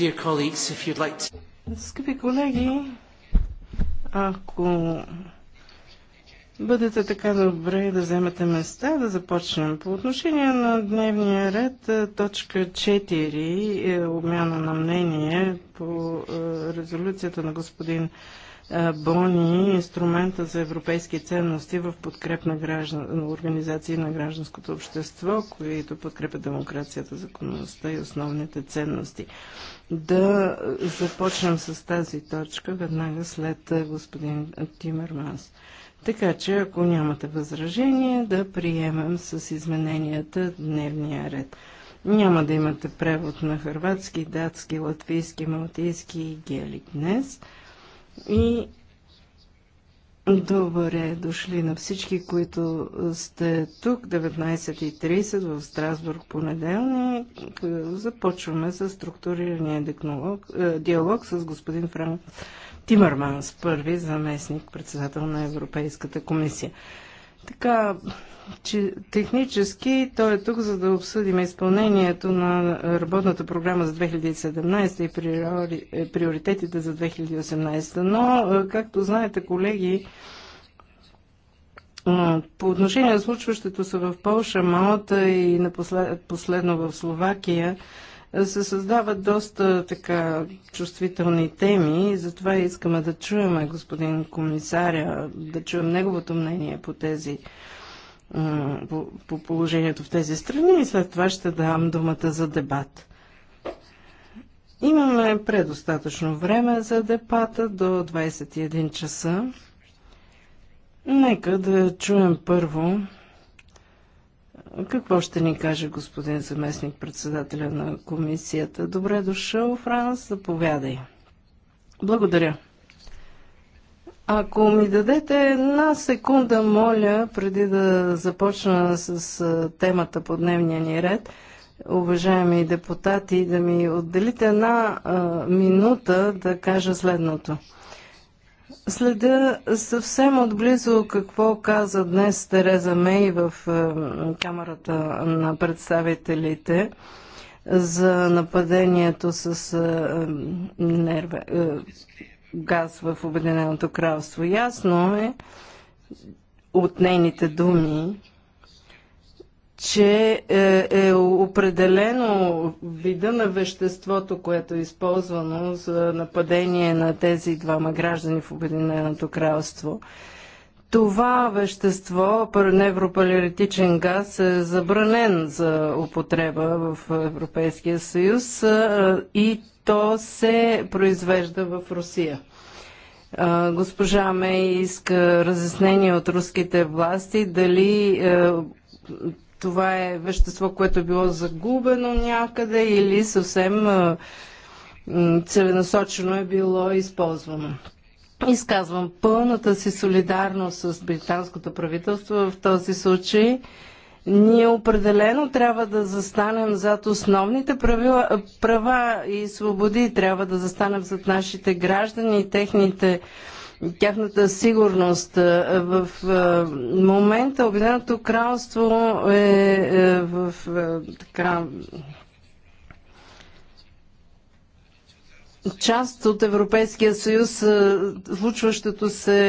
Like to... Скъпи колеги, ако бъдете така добре да вземете места, да започнем. По отношение на дневния ред, е, точка 4 е обмяна на мнение по е, резолюцията на господин е, Бони, инструмента за европейски ценности в подкреп на граждан, организации на гражданското общество, които подкрепят демокрацията, законността и основните ценности. Да започнем с тази точка веднага след е, господин Тимерманс. Така че, ако нямате възражение, да приемем с измененията дневния ред. Няма да имате превод на хрватски, датски, латвийски, малтийски и гелик днес – и добре дошли на всички, които сте тук. 19.30 в Страсбург понеделник. Започваме с структурирания диалог е, с господин Франк Тимърманс, първи заместник председател на Европейската комисия. Така, че технически той е тук, за да обсъдим изпълнението на работната програма за 2017 и е, приоритетите за 2018. Но, е, както знаете, колеги, е, по отношение на случващото се в Польша, Малта и напослед, последно в Словакия, се създават доста така чувствителни теми и затова искаме да чуем господин комисаря, да чуем неговото мнение по тези по, по положението в тези страни и след това ще дам думата за дебат. Имаме предостатъчно време за дебата до 21 часа. Нека да чуем първо какво ще ни каже господин заместник председателя на комисията? Добре дошъл, Франс, заповядай. Благодаря. Ако ми дадете една секунда, моля, преди да започна с темата по дневния ни ред, уважаеми депутати, да ми отделите една а, минута да кажа следното. Следа съвсем отблизо какво каза днес Тереза Мей в е, Камерата на представителите за нападението с е, е, нерве, газ в Обединеното кралство. Ясно е от нейните думи, че е, е определено вида на веществото, което е използвано за нападение на тези двама граждани в Обединеното кралство. Това вещество, невропалеритичен газ, е забранен за употреба в Европейския съюз е, и то се произвежда в Русия. Госпожа Мей иска разяснение от руските власти дали е, това е вещество, което е било загубено някъде или съвсем целенасочено е било използвано. Изказвам пълната си солидарност с британското правителство в този случай. Ние определено трябва да застанем зад основните правила, права и свободи. Трябва да застанем зад нашите граждани и техните тяхната сигурност. Е, в е, момента Обединеното кралство е, е в така част от Европейския съюз, случващото се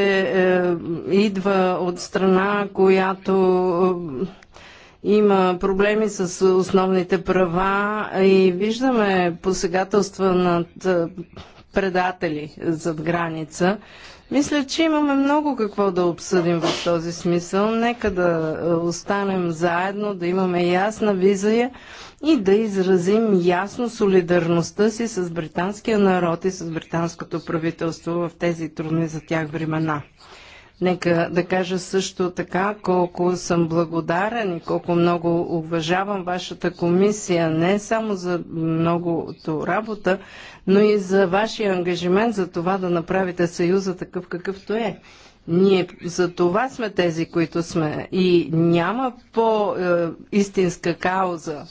идва от страна, която има проблеми с основните права и виждаме посегателства над предатели зад граница. Мисля, че имаме много какво да обсъдим в този смисъл. Нека да е, останем заедно, да имаме ясна визия и да изразим ясно солидарността си с британския народ и с британското правителство в тези трудни за тях времена. Нека да кажа също така колко съм благодарен и колко много уважавам вашата комисия, не само за многото работа, но и за вашия ангажимент за това да направите съюза такъв какъвто е. Ние за това сме тези, които сме. И няма по-истинска кауза.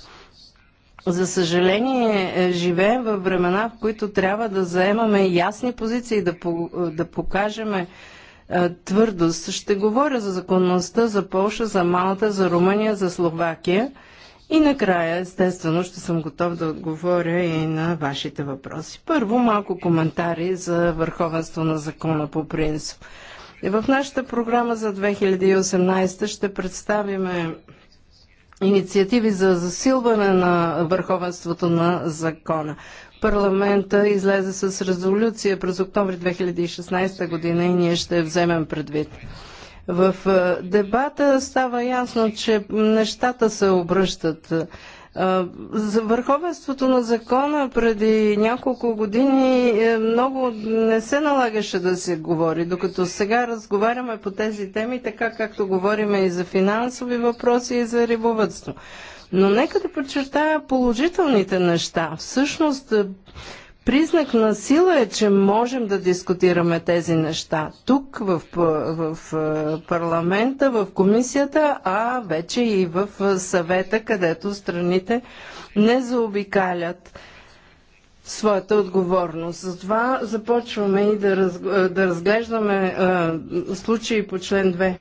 За съжаление, е, живеем във времена, в които трябва да заемаме ясни позиции, да, по, да покажеме е, твърдост. Ще говоря за законността за Полша, за Малта, за Румъния, за Словакия. И накрая, естествено, ще съм готов да отговоря и на вашите въпроси. Първо, малко коментари за върховенство на закона по принцип. И в нашата програма за 2018 ще представиме инициативи за засилване на върховенството на закона. Парламента излезе с резолюция през октомври 2016 година и ние ще вземем предвид. В е, дебата става ясно, че нещата се обръщат. Е, за върховенството на закона преди няколко години е, много не се налагаше да се говори, докато сега разговаряме по тези теми, така както говориме и за финансови въпроси, и за рибовътство. Но нека да подчертая положителните неща. Всъщност, е, признак на сила е, че можем да дискутираме тези неща тук, в, в е, парламента, в комисията, а вече и в е, съвета, където страните не заобикалят своята отговорност. Затова започваме и да, да разглеждаме е, случаи по член 2.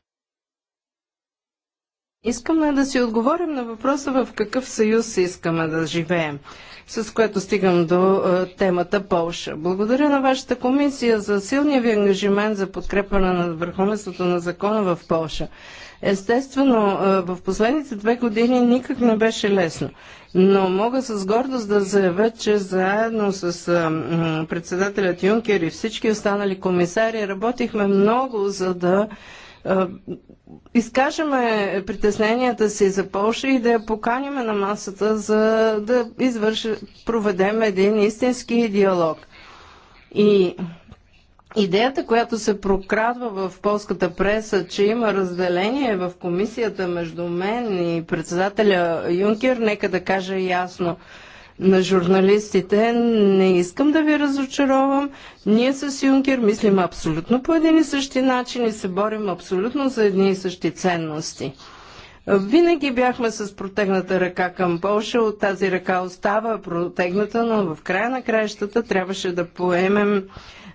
Искаме да си отговорим на въпроса в какъв съюз искаме да живеем, с което стигам до е, темата Полша. Благодаря на вашата комисия за силния ви ангажимент за подкрепа на върховенството на закона в Полша. Естествено, е, в последните две години никак не беше лесно. Но мога с гордост да заявя, че заедно с е, председателят Юнкер и всички останали комисари работихме много, за да е, изкажеме притесненията си за Польша и да я поканиме на масата, за да извърши, проведем един истински диалог. И идеята, която се прокрадва в полската преса, че има разделение в комисията между мен и председателя Юнкер, нека да кажа ясно – на журналистите. Не искам да ви разочаровам. Ние с Юнкер мислим абсолютно по един и същи начин и се борим абсолютно за едни и същи ценности. Винаги бяхме с протегната ръка към Польша, от тази ръка остава протегната, но в края на краищата трябваше да поемем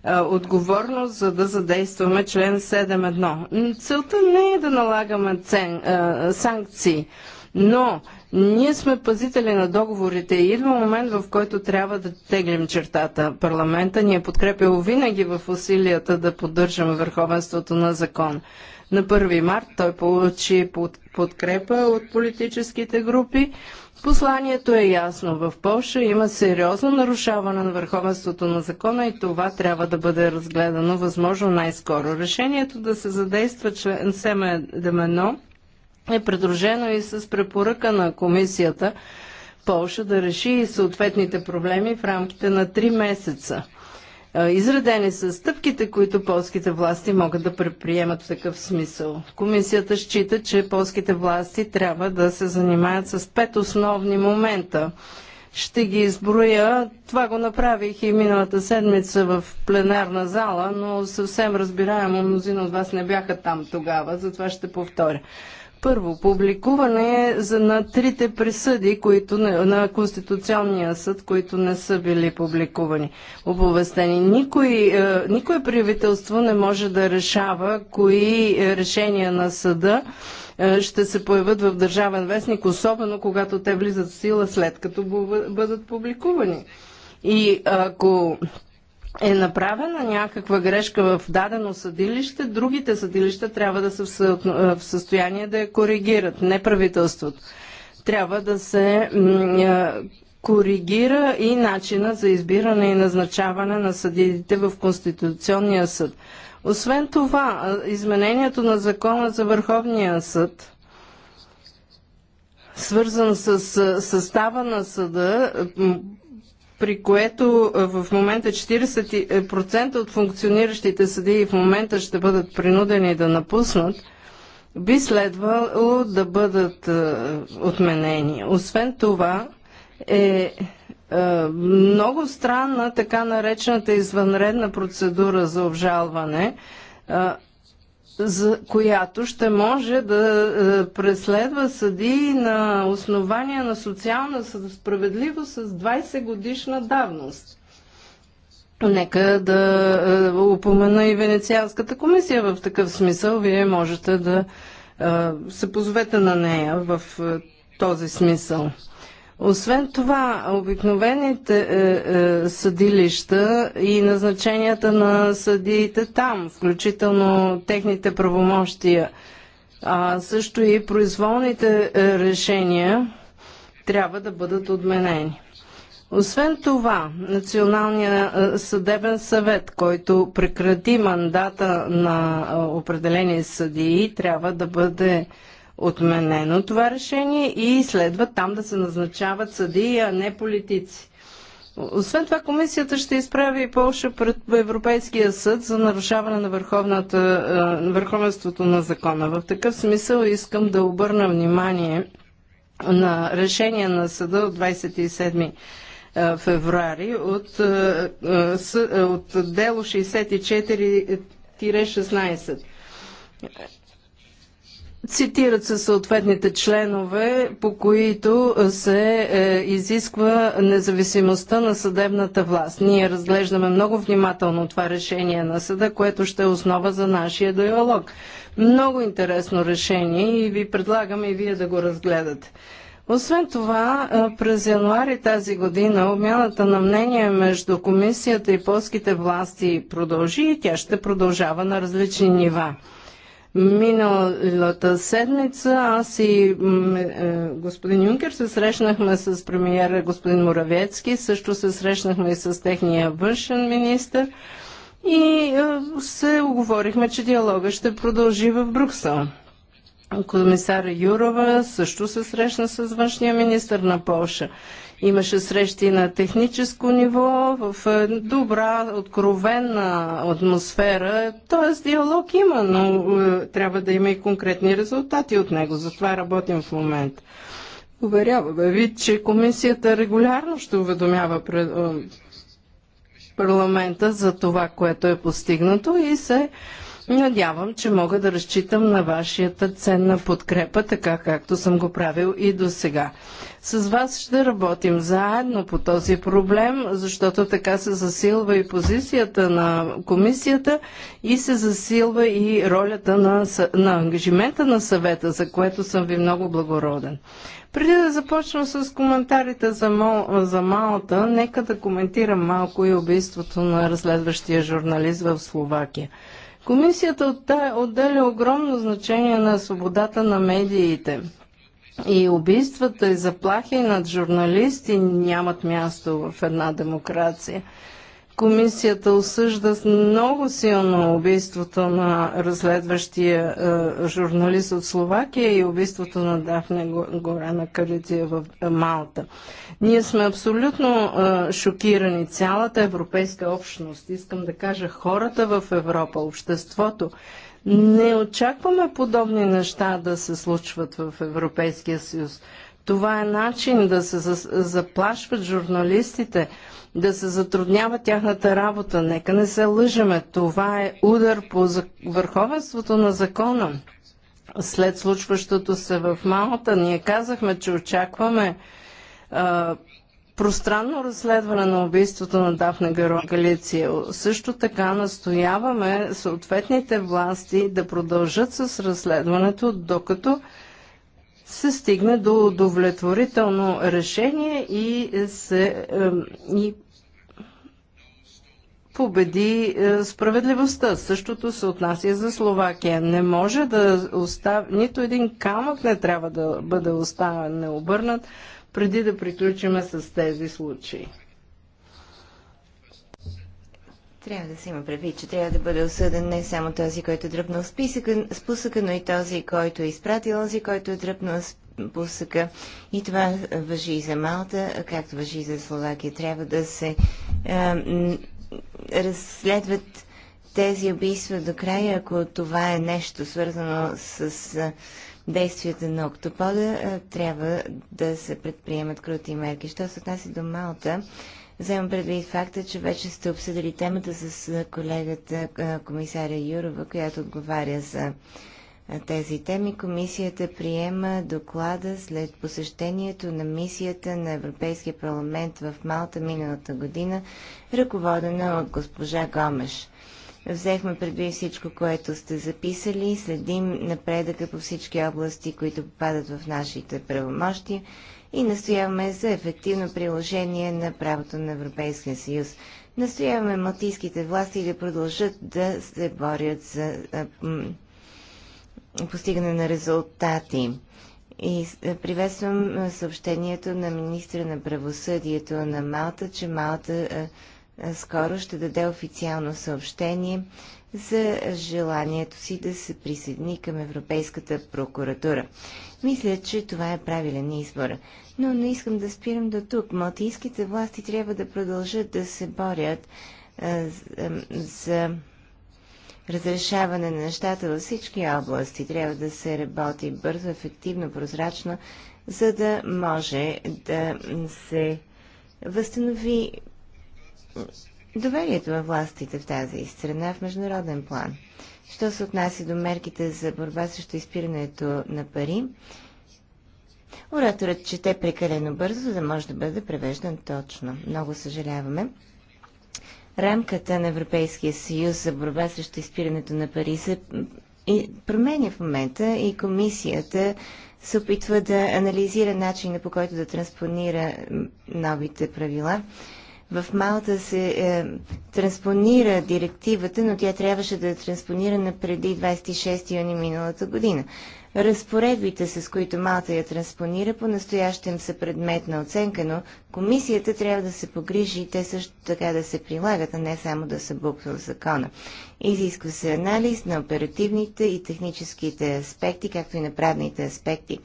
а, отговорност, за да задействаме член 7.1. Целта не е да налагаме цен, а, санкции, но ние сме пазители на договорите и идва момент, в който трябва да теглим чертата. Парламента ни е подкрепил винаги в усилията да поддържаме върховенството на закон. На 1 март той получи подкрепа от политическите групи. Посланието е ясно. В Польша има сериозно нарушаване на върховенството на закона и това трябва да бъде разгледано възможно най-скоро. Решението да се задейства член 7 демено е придружено и с препоръка на комисията Полша да реши и съответните проблеми в рамките на 3 месеца. Изредени са стъпките, които полските власти могат да предприемат в такъв смисъл. Комисията счита, че полските власти трябва да се занимаят с пет основни момента. Ще ги изброя. Това го направих и миналата седмица в пленарна зала, но съвсем разбираемо мнозина от вас не бяха там тогава, затова ще повторя. Първо, публикуване на трите присъди които на Конституционния съд, които не са били публикувани, оповестени. Никой, е, никое правителство не може да решава кои е, решения на съда е, ще се появят в Държавен вестник, особено когато те влизат в сила след като бъдат публикувани. И ако е направена някаква грешка в дадено съдилище, другите съдилища трябва да са в, в състояние да я коригират, не правителството. Трябва да се коригира и начина за избиране и назначаване на съдиите в Конституционния съд. Освен това, изменението на закона за Върховния съд, свързан с състава на съда, при което е, в момента 40% от функциониращите съдии в момента ще бъдат принудени да напуснат, би следвало да бъдат е, отменени. Освен това е, е много странна така наречената извънредна процедура за обжалване, за която ще може да е, преследва съди на основания на социална справедливост с 20 годишна давност. Нека да е, упомена и Венецианската комисия в такъв смисъл. Вие можете да е, се позовете на нея в този смисъл. Освен това, обикновените е, е, съдилища и назначенията на съдиите там, включително техните правомощия, а също и произволните е, решения, трябва да бъдат отменени. Освен това, Националният е, съдебен съвет, който прекрати мандата на е, определени съдии, трябва да бъде отменено това решение и следва там да се назначават съди, а не политици. Освен това, комисията ще изправи и Полша пред Европейския съд за нарушаване на е, върховенството на закона. В такъв смисъл искам да обърна внимание на решение на съда от 27 е, февруари от, е, от дело 64-16. Цитират се съответните членове, по които се е, изисква независимостта на съдебната власт. Ние разглеждаме много внимателно това решение на съда, което ще е основа за нашия диалог. Много интересно решение и ви предлагам и вие да го разгледате. Освен това, е, през януари тази година обмяната на мнение между комисията и полските власти продължи и тя ще продължава на различни нива. Миналата седмица аз и е, господин Юнкер се срещнахме с премиера господин Муравецки, също се срещнахме и с техния външен министр и е, се оговорихме, че диалога ще продължи в Брюксел. Комисар Юрова също се срещна с външния министр на Польша. Имаше срещи на техническо ниво, в е, добра, откровена атмосфера. Тоест диалог има, но е, трябва да има и конкретни резултати от него. Затова работим в момента. Уверяваме ви, че комисията регулярно ще уведомява пред, е, парламента за това, което е постигнато и се Надявам, че мога да разчитам на вашата ценна подкрепа, така както съм го правил и до сега. С вас ще работим заедно по този проблем, защото така се засилва и позицията на комисията и се засилва и ролята на, на ангажимента на съвета, за което съм ви много благороден. Преди да започна с коментарите за, мол, за Малта, нека да коментирам малко и убийството на разследващия журналист в Словакия. Комисията отделя огромно значение на свободата на медиите. И убийствата и заплахи над журналисти нямат място в една демокрация. Комисията осъжда много силно убийството на разследващия е, журналист от Словакия и убийството на Дафне Горана Калития в е, Малта. Ние сме абсолютно е, шокирани, цялата европейска общност, искам да кажа хората в Европа, обществото. Не очакваме подобни неща да се случват в Европейския съюз. Това е начин да се заплашват журналистите, да се затруднява тяхната работа. Нека не се лъжеме. Това е удар по върховенството на закона. След случващото се в Малта, ние казахме, че очакваме а, пространно разследване на убийството на Дафна Гаро Галиция. Също така настояваме съответните власти да продължат с разследването, докато се стигне до удовлетворително решение и, се, е, и победи е, справедливостта. Същото се отнася за Словакия. Не може да остави, нито един камък не трябва да бъде оставен необърнат, преди да приключим с тези случаи. Трябва да се има предвид, че трябва да бъде осъден не само този, който е дръпнал спусъка, но и този, който е изпратил, този, който е дръпнал спусъка. И това въжи и за Малта, както въжи и за Словакия. Трябва да се разследват тези убийства до края, ако това е нещо свързано с действията на октопода, трябва да се предприемат крути мерки. Що се отнася до Малта, вземам предвид факта, че вече сте обсъдили темата с колегата комисаря Юрова, която отговаря за тези теми. Комисията приема доклада след посещението на мисията на Европейския парламент в Малта миналата година, ръководена от госпожа Гомеш. Взехме предвид всичко, което сте записали, следим напредъка по всички области, които попадат в нашите правомощи и настояваме за ефективно приложение на правото на Европейския съюз. Настояваме малтийските власти да продължат да се борят за постигане на резултати. И е, приветствам е, съобщението на министра на правосъдието на Малта, че Малта е, скоро ще даде официално съобщение за желанието си да се присъедини към Европейската прокуратура. Мисля, че това е правилен избор. Но не искам да спирам до тук. Малтийските власти трябва да продължат да се борят за разрешаване на нещата във всички области. Трябва да се работи бързо, ефективно, прозрачно, за да може да се възстанови доверието във властите в тази страна в международен план. Що се отнася до мерките за борба срещу изпирането на пари, ораторът чете прекалено бързо, за да може да бъде превеждан точно. Много съжаляваме рамката на Европейския съюз за борба срещу изпирането на пари се променя в момента и комисията се опитва да анализира начина по който да транспонира новите правила. В Малта се е, транспонира директивата, но тя трябваше да е транспонирана преди 26 юни миналата година. Разпоредбите, с които Малта я транспонира, по-настоящем са предмет на оценка, но комисията трябва да се погрижи и те също така да се прилагат, а не само да са буква в закона. Изисква се анализ на оперативните и техническите аспекти, както и на правните аспекти.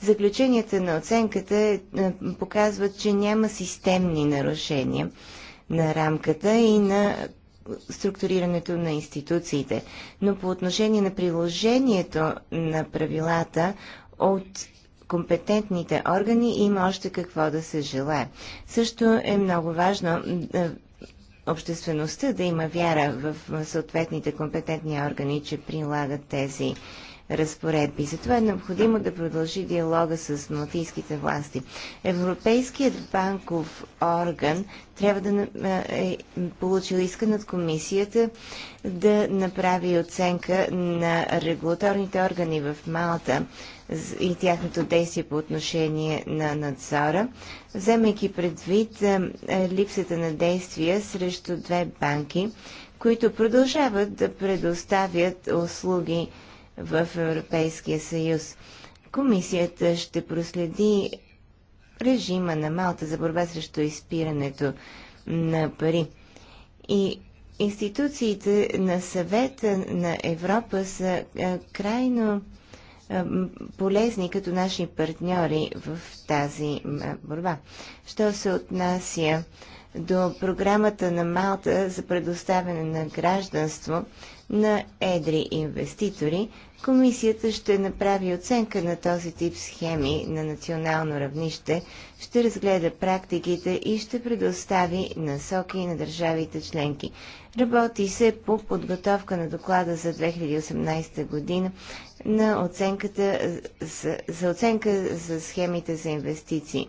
Заключенията на оценката е, е, показват, че няма системни нарушения на рамката и на структурирането на институциите. Но по отношение на приложението на правилата от компетентните органи има още какво да се желае. Също е много важно е, обществеността да има вяра в съответните компетентни органи, че прилагат тези разпоредби. Затова е необходимо да продължи диалога с малтийските власти. Европейският банков орган трябва да е, е получил искан от комисията да направи оценка на регулаторните органи в Малта и тяхното действие по отношение на надзора, вземайки предвид е, е, липсата на действия срещу две банки, които продължават да предоставят услуги в Европейския съюз. Комисията ще проследи режима на Малта за борба срещу изпирането на пари. И институциите на съвета на Европа са крайно полезни като наши партньори в тази борба. Що се отнася до програмата на Малта за предоставяне на гражданство, на едри инвеститори, комисията ще направи оценка на този тип схеми на национално равнище, ще разгледа практиките и ще предостави насоки на държавите членки. Работи се по подготовка на доклада за 2018 година на оценката за, за оценка за схемите за инвестиции.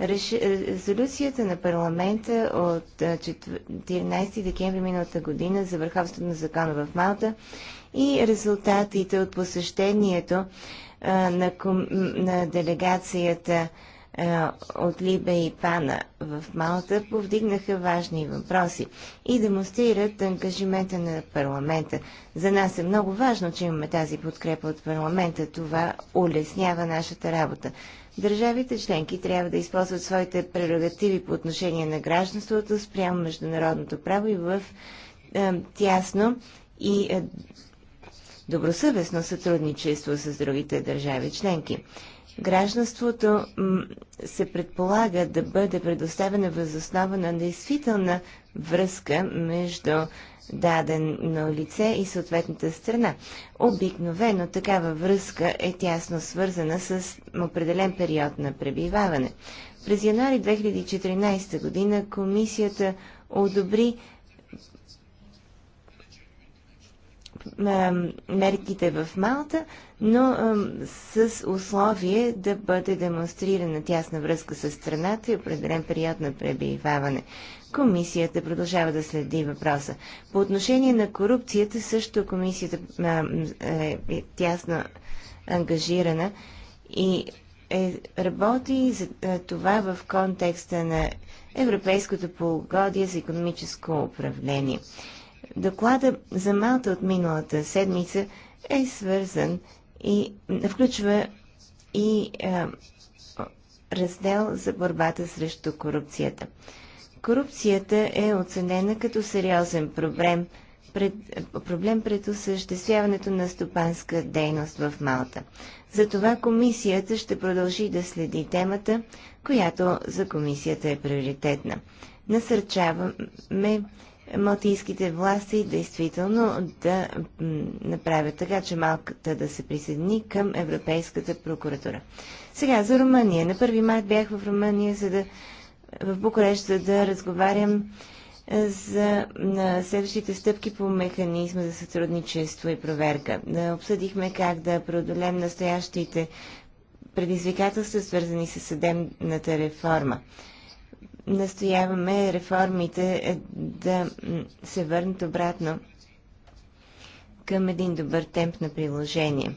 Е, резолюцията на парламента от 14 е, декември миналата година за върховството на закона в Малта и резултатите от посещението е, на, ком... на делегацията от Либе и Пана в Малта повдигнаха важни въпроси и демонстрират ангажимента на парламента. За нас е много важно, че имаме тази подкрепа от парламента. Това улеснява нашата работа. Държавите членки трябва да използват своите прерогативи по отношение на гражданството спрямо международното право и в е, тясно и е, добросъвестно сътрудничество с другите държави членки. Гражданството се предполага да бъде предоставено възоснова на действителна връзка между Дадено на лице и съответната страна. Обикновено такава връзка е тясно свързана с определен период на пребиваване. През януари 2014 година комисията одобри мерките в Малта, но с условие да бъде демонстрирана тясна връзка с страната и определен период на пребиваване. Комисията продължава да следи въпроса. По отношение на корупцията също комисията е, е тясно ангажирана и е, работи за това в контекста на Европейското полугодие за економическо управление. Доклада за Малта от миналата седмица е свързан и включва и а, раздел за борбата срещу корупцията. Корупцията е оценена като сериозен проблем пред, проблем пред осъществяването на стопанска дейност в Малта. Затова комисията ще продължи да следи темата, която за комисията е приоритетна. Насърчаваме малтийските власти действително да направят така, че малката да се присъедини към Европейската прокуратура. Сега за Румъния. На 1 март бях в Румъния, за да в Букурещ, за да разговарям е, за на следващите стъпки по механизма за сътрудничество и проверка. Е, обсъдихме как да преодолем настоящите предизвикателства, свързани с съдебната реформа. Настояваме реформите е, да се върнат обратно към един добър темп на приложение.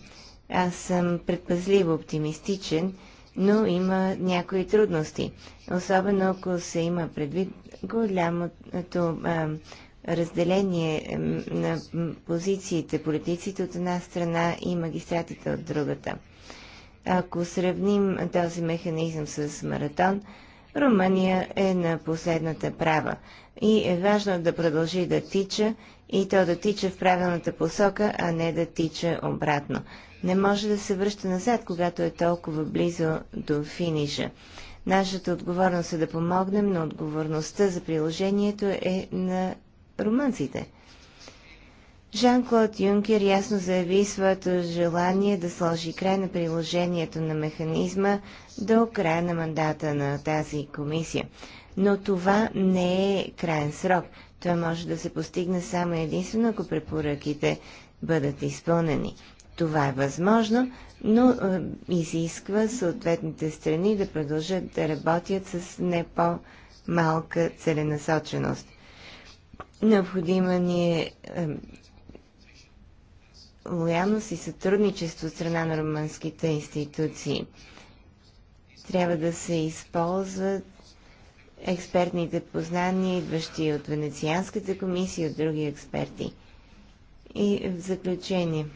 Аз съм предпазливо оптимистичен но има някои трудности. Особено ако се има предвид голямото а, разделение на позициите, политиците от една страна и магистратите от другата. Ако сравним този механизъм с маратон, Румъния е на последната права и е важно да продължи да тича и то да тича в правилната посока, а не да тича обратно не може да се връща назад, когато е толкова близо до финиша. Нашата отговорност е да помогнем, но отговорността за приложението е на румънците. Жан-Клод Юнкер ясно заяви своето желание да сложи край на приложението на механизма до края на мандата на тази комисия. Но това не е крайен срок. Той може да се постигне само единствено, ако препоръките бъдат изпълнени. Това е възможно, но е, изисква съответните страни да продължат да работят с не по-малка целенасоченост. Необходима ни е, е лоялност и сътрудничество от страна на румънските институции. Трябва да се използват експертните познания, идващи от Венецианската комисия и от други експерти. И в заключение –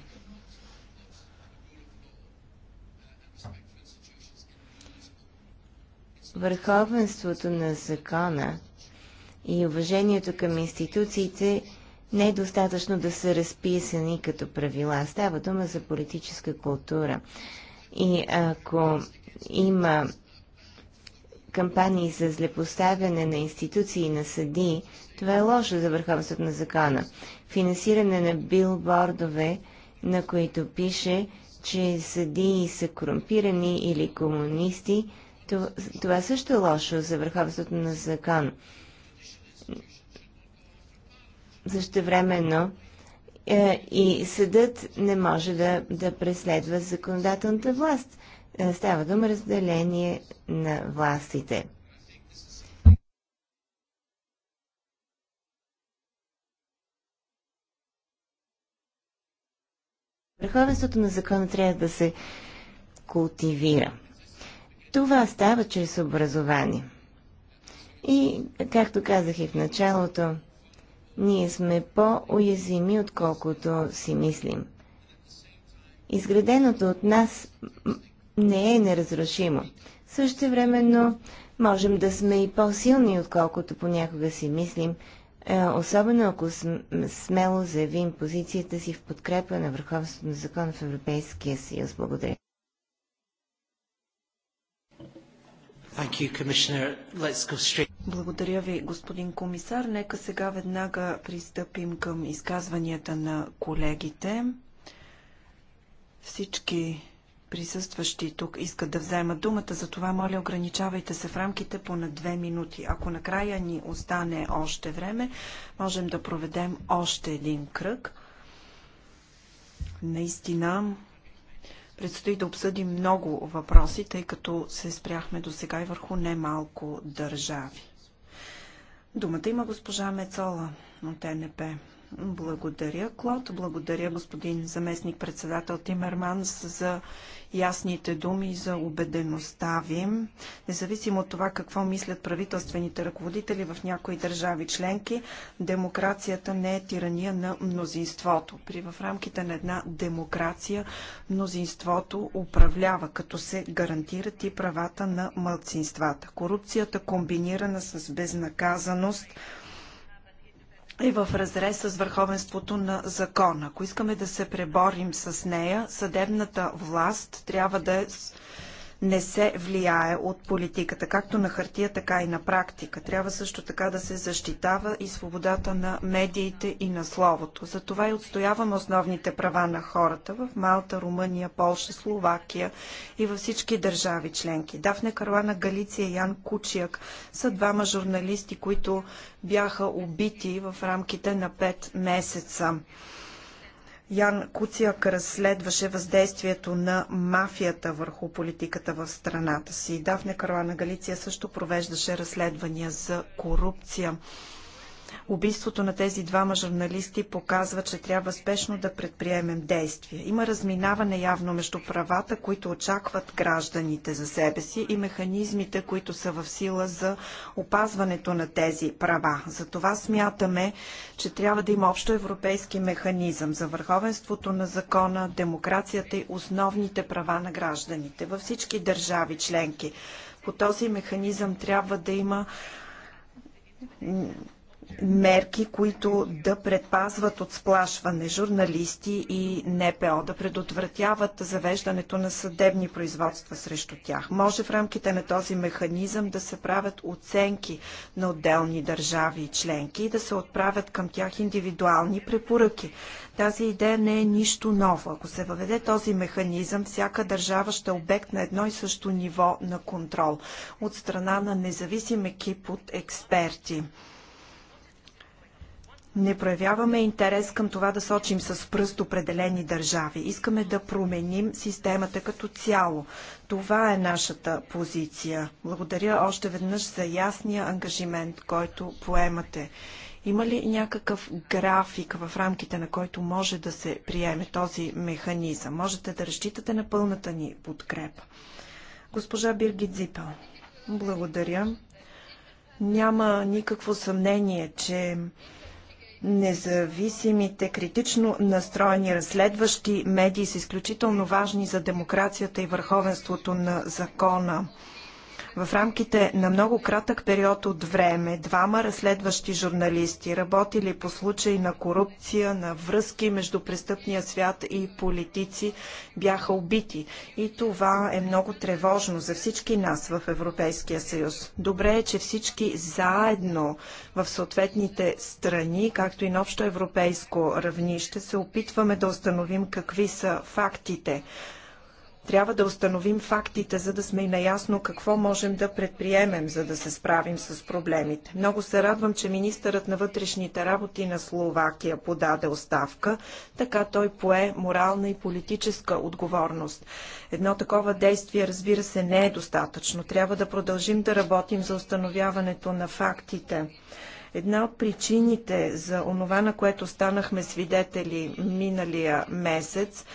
върховенството на закона и уважението към институциите не е достатъчно да са разписани като правила. Става дума за политическа култура. И ако има кампании за злепоставяне на институции и на съди, това е лошо за върховенството на закона. Финансиране на билбордове, на които пише, че съдии са корумпирани или комунисти, това също е лошо за върховството на закон. Същевременно е, и съдът не може да, да преследва законодателната власт. Е, става дума разделение на властите. Върховенството на закона трябва да се култивира. Това става чрез образование. И, както казах и в началото, ние сме по-уязвими, отколкото си мислим. Изграденото от нас не е неразрушимо. Също времено можем да сме и по-силни, отколкото понякога си мислим, е, особено ако смело заявим позицията си в подкрепа на върховството на закон в Европейския съюз. Благодаря. Благодаря ви, господин комисар. Нека сега веднага пристъпим към изказванията на колегите. Всички присъстващи тук искат да вземат думата, затова моля ограничавайте се в рамките по на две минути. Ако накрая ни остане още време, можем да проведем още един кръг. Наистина, Предстои да обсъдим много въпроси, тъй като се спряхме до сега и върху немалко държави. Думата има госпожа Мецола от НП. Благодаря, Клод. Благодаря, господин заместник председател Тимерманс, за ясните думи, и за убедеността ви. Независимо от това какво мислят правителствените ръководители в някои държави членки, демокрацията не е тирания на мнозинството. При в рамките на една демокрация мнозинството управлява, като се гарантират и правата на мълцинствата. Корупцията комбинирана с безнаказаност – е в разрез с върховенството на закона. Ако искаме да се преборим с нея, съдебната власт трябва да е не се влияе от политиката, както на хартия, така и на практика. Трябва също така да се защитава и свободата на медиите и на словото. Затова и отстоявам основните права на хората в Малта, Румъния, Полша, Словакия и във всички държави членки. Дафне Карлана, Галиция и Ян Кучияк са двама журналисти, които бяха убити в рамките на пет месеца. Ян Куцияк разследваше въздействието на мафията върху политиката в страната си. Дафне Каруана Галиция също провеждаше разследвания за корупция. Убийството на тези двама журналисти показва, че трябва спешно да предприемем действия. Има разминаване явно между правата, които очакват гражданите за себе си и механизмите, които са в сила за опазването на тези права. Затова смятаме, че трябва да има общо европейски механизъм за върховенството на закона, демокрацията и основните права на гражданите във всички държави членки. По този механизъм трябва да има мерки, които да предпазват от сплашване журналисти и НПО, да предотвратяват завеждането на съдебни производства срещу тях. Може в рамките на този механизъм да се правят оценки на отделни държави и членки и да се отправят към тях индивидуални препоръки. Тази идея не е нищо ново. Ако се въведе този механизъм, всяка държава ще е обект на едно и също ниво на контрол от страна на независим екип от експерти не проявяваме интерес към това да сочим с пръст определени държави. Искаме да променим системата като цяло. Това е нашата позиция. Благодаря още веднъж за ясния ангажимент, който поемате. Има ли някакъв график в рамките на който може да се приеме този механизъм? Можете да разчитате на пълната ни подкрепа. Госпожа Биргит Зипел, благодаря. Няма никакво съмнение, че Независимите, критично настроени, разследващи медии са изключително важни за демокрацията и върховенството на закона в рамките на много кратък период от време двама разследващи журналисти, работили по случаи на корупция, на връзки между престъпния свят и политици, бяха убити. И това е много тревожно за всички нас в Европейския съюз. Добре е, че всички заедно в съответните страни, както и на общо европейско равнище, се опитваме да установим какви са фактите. Трябва да установим фактите, за да сме и наясно какво можем да предприемем, за да се справим с проблемите. Много се радвам, че министърът на вътрешните работи на Словакия подаде оставка, така той пое морална и политическа отговорност. Едно такова действие, разбира се, не е достатъчно. Трябва да продължим да работим за установяването на фактите. Една от причините за онова, на което станахме свидетели миналия месец,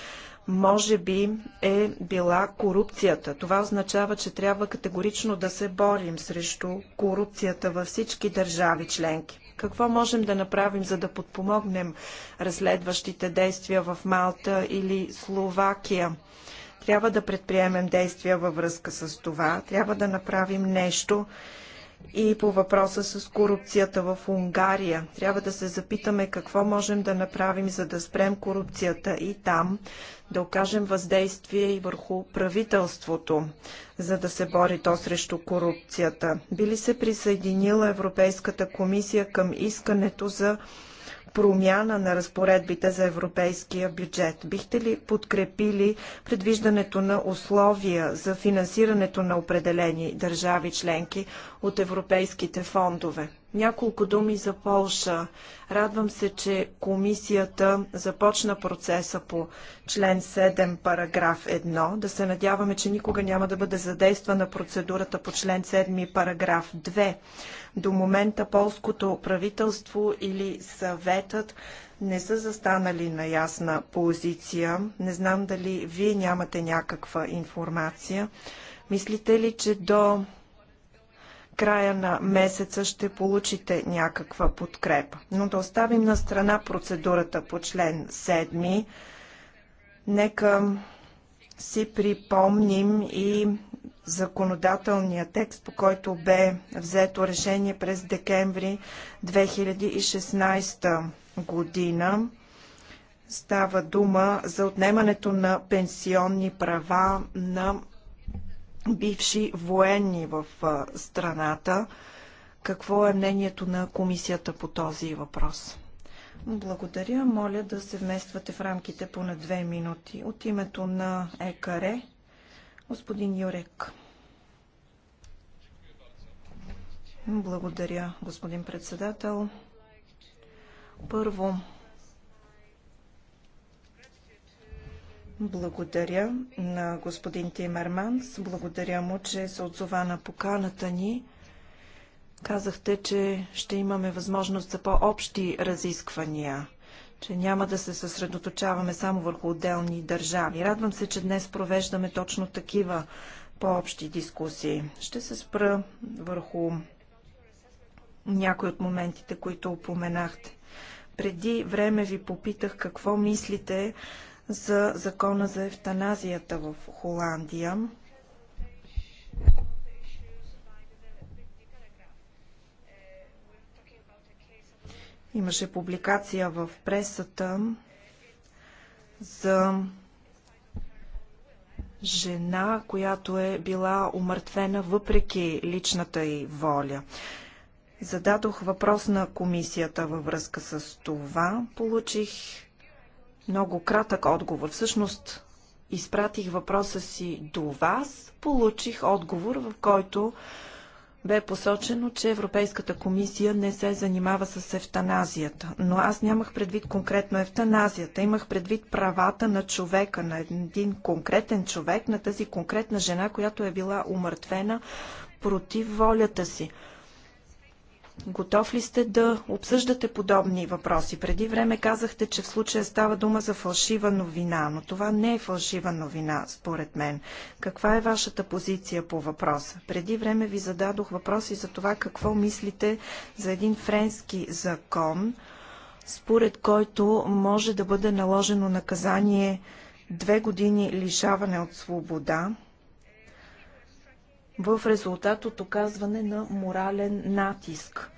може би е била корупцията. Това означава, че трябва категорично да се борим срещу корупцията във всички държави членки. Какво можем да направим, за да подпомогнем разследващите действия в Малта или Словакия? Трябва да предприемем действия във връзка с това. Трябва да направим нещо, и по въпроса с корупцията в Унгария. Трябва да се запитаме какво можем да направим, за да спрем корупцията и там, да окажем въздействие и върху правителството, за да се бори то срещу корупцията. Би ли се присъединила Европейската комисия към искането за промяна на разпоредбите за европейския бюджет? Бихте ли подкрепили предвиждането на условия за финансирането на определени държави членки от европейските фондове? Няколко думи за Полша. Радвам се, че комисията започна процеса по член 7, параграф 1. Да се надяваме, че никога няма да бъде задействана процедурата по член 7, параграф 2. До момента полското правителство или съветът не са застанали на ясна позиция. Не знам дали вие нямате някаква информация. Мислите ли, че до края на месеца ще получите някаква подкрепа. Но да оставим на страна процедурата по член 7. Нека си припомним и законодателния текст, по който бе взето решение през декември 2016 година. Става дума за отнемането на пенсионни права на бивши военни в страната. Какво е мнението на комисията по този въпрос? Благодаря. Моля да се вмествате в рамките поне две минути. От името на ЕКАРЕ, господин Юрек. Благодаря, господин председател. Първо, Благодаря на господин Тимерманс. Благодаря му, че се отзова на поканата ни. Казахте, че ще имаме възможност за по-общи разисквания, че няма да се съсредоточаваме само върху отделни държави. Радвам се, че днес провеждаме точно такива по-общи дискусии. Ще се спра върху някои от моментите, които упоменахте. Преди време ви попитах какво мислите за закона за ефтаназията в Холандия. Имаше публикация в пресата за жена, която е била умъртвена въпреки личната й воля. Зададох въпрос на комисията във връзка с това. Получих много кратък отговор. Всъщност, изпратих въпроса си до вас, получих отговор, в който бе посочено, че Европейската комисия не се занимава с евтаназията. Но аз нямах предвид конкретно евтаназията. Имах предвид правата на човека, на един конкретен човек, на тази конкретна жена, която е била умъртвена против волята си. Готов ли сте да обсъждате подобни въпроси? Преди време казахте, че в случая става дума за фалшива новина, но това не е фалшива новина, според мен. Каква е вашата позиция по въпроса? Преди време ви зададох въпроси за това какво мислите за един френски закон, според който може да бъде наложено наказание две години лишаване от свобода в резултат от оказване на морален натиск.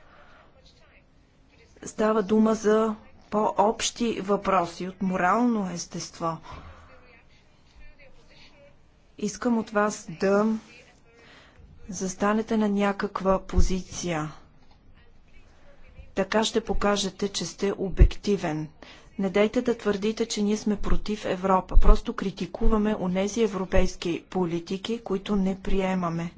Става дума за по-общи въпроси от морално естество. Искам от вас да застанете на някаква позиция. Така ще покажете, че сте обективен. Не дайте да твърдите, че ние сме против Европа. Просто критикуваме онези европейски политики, които не приемаме.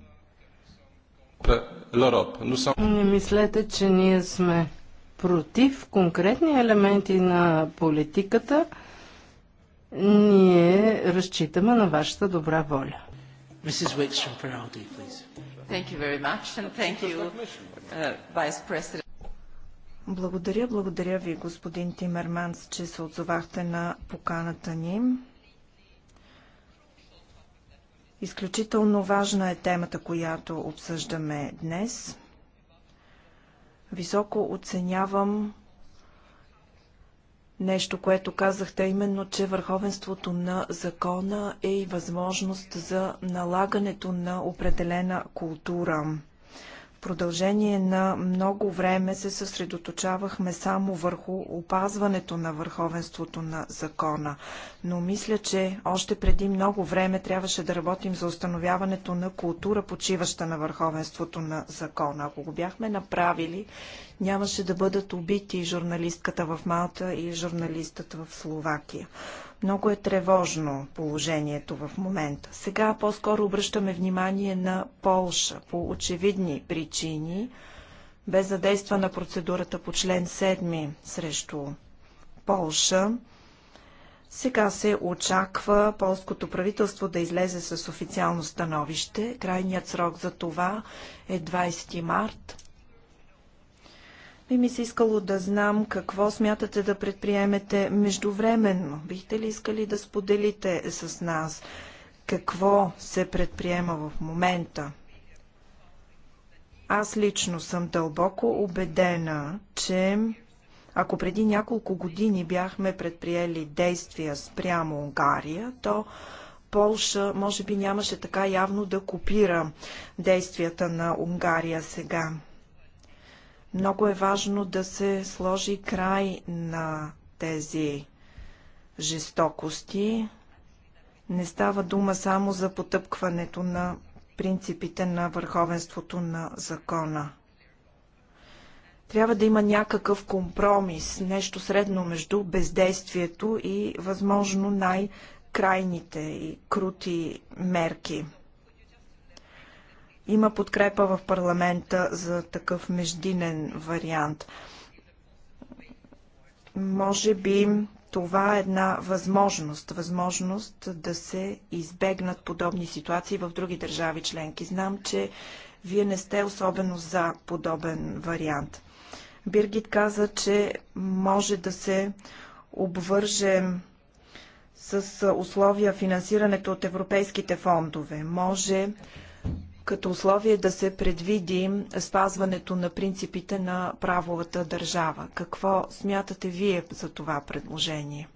Не мислете, че ние сме против конкретни елементи на политиката. Ние разчитаме на вашата добра воля. Mrs. Wickstrom for Aldi, please. Thank you very much, and thank you, uh, Vice President. Благодаря, благодаря ви, господин Тимерманс, че се отзовахте на поканата ни. Изключително важна е темата, която обсъждаме днес. Високо оценявам нещо, което казахте, именно, че върховенството на закона е и възможност за налагането на определена култура продължение на много време се съсредоточавахме само върху опазването на върховенството на закона. Но мисля, че още преди много време трябваше да работим за установяването на култура, почиваща на върховенството на закона. Ако го бяхме направили, нямаше да бъдат убити журналистката в Малта и журналистът в Словакия. Много е тревожно положението в момента. Сега по-скоро обръщаме внимание на Полша по очевидни причини. Без задейства на процедурата по член 7 срещу Полша. Сега се очаква полското правителство да излезе с официално становище. Крайният срок за това е 20 март. Би ми се искало да знам какво смятате да предприемете междувременно. Бихте ли искали да споделите с нас какво се предприема в момента? Аз лично съм дълбоко убедена, че ако преди няколко години бяхме предприели действия спрямо Унгария, то Полша може би нямаше така явно да копира действията на Унгария сега. Много е важно да се сложи край на тези жестокости. Не става дума само за потъпкването на принципите на върховенството на закона. Трябва да има някакъв компромис, нещо средно между бездействието и възможно най-крайните и крути мерки. Има подкрепа в парламента за такъв междинен вариант. Може би това е една възможност. Възможност да се избегнат подобни ситуации в други държави членки. Знам, че вие не сте особено за подобен вариант. Биргит каза, че може да се обвърже с условия финансирането от европейските фондове. Може като условие да се предвиди спазването на принципите на правовата държава. Какво смятате вие за това предложение?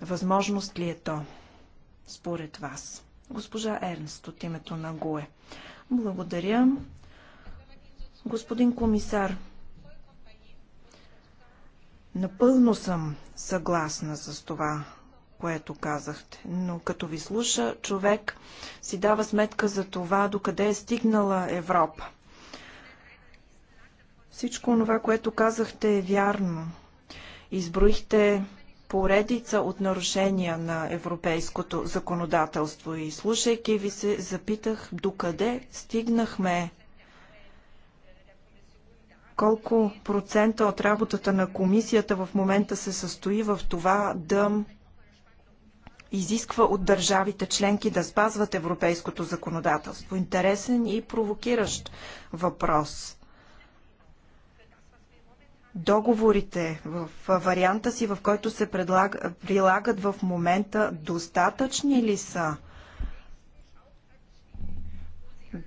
Възможност ли е то, според вас? Госпожа Ернст от името на ГУЕ. Благодаря. Господин комисар, напълно съм съгласна с това, което казахте, но като ви слуша, човек си дава сметка за това, докъде е стигнала Европа. Всичко това, което казахте е вярно. Изброихте поредица от нарушения на европейското законодателство и слушайки ви се, запитах докъде стигнахме колко процента от работата на комисията в момента се състои в това да изисква от държавите членки да спазват европейското законодателство. Интересен и провокиращ въпрос. Договорите в варианта си, в който се предлага, прилагат в момента, достатъчни ли са?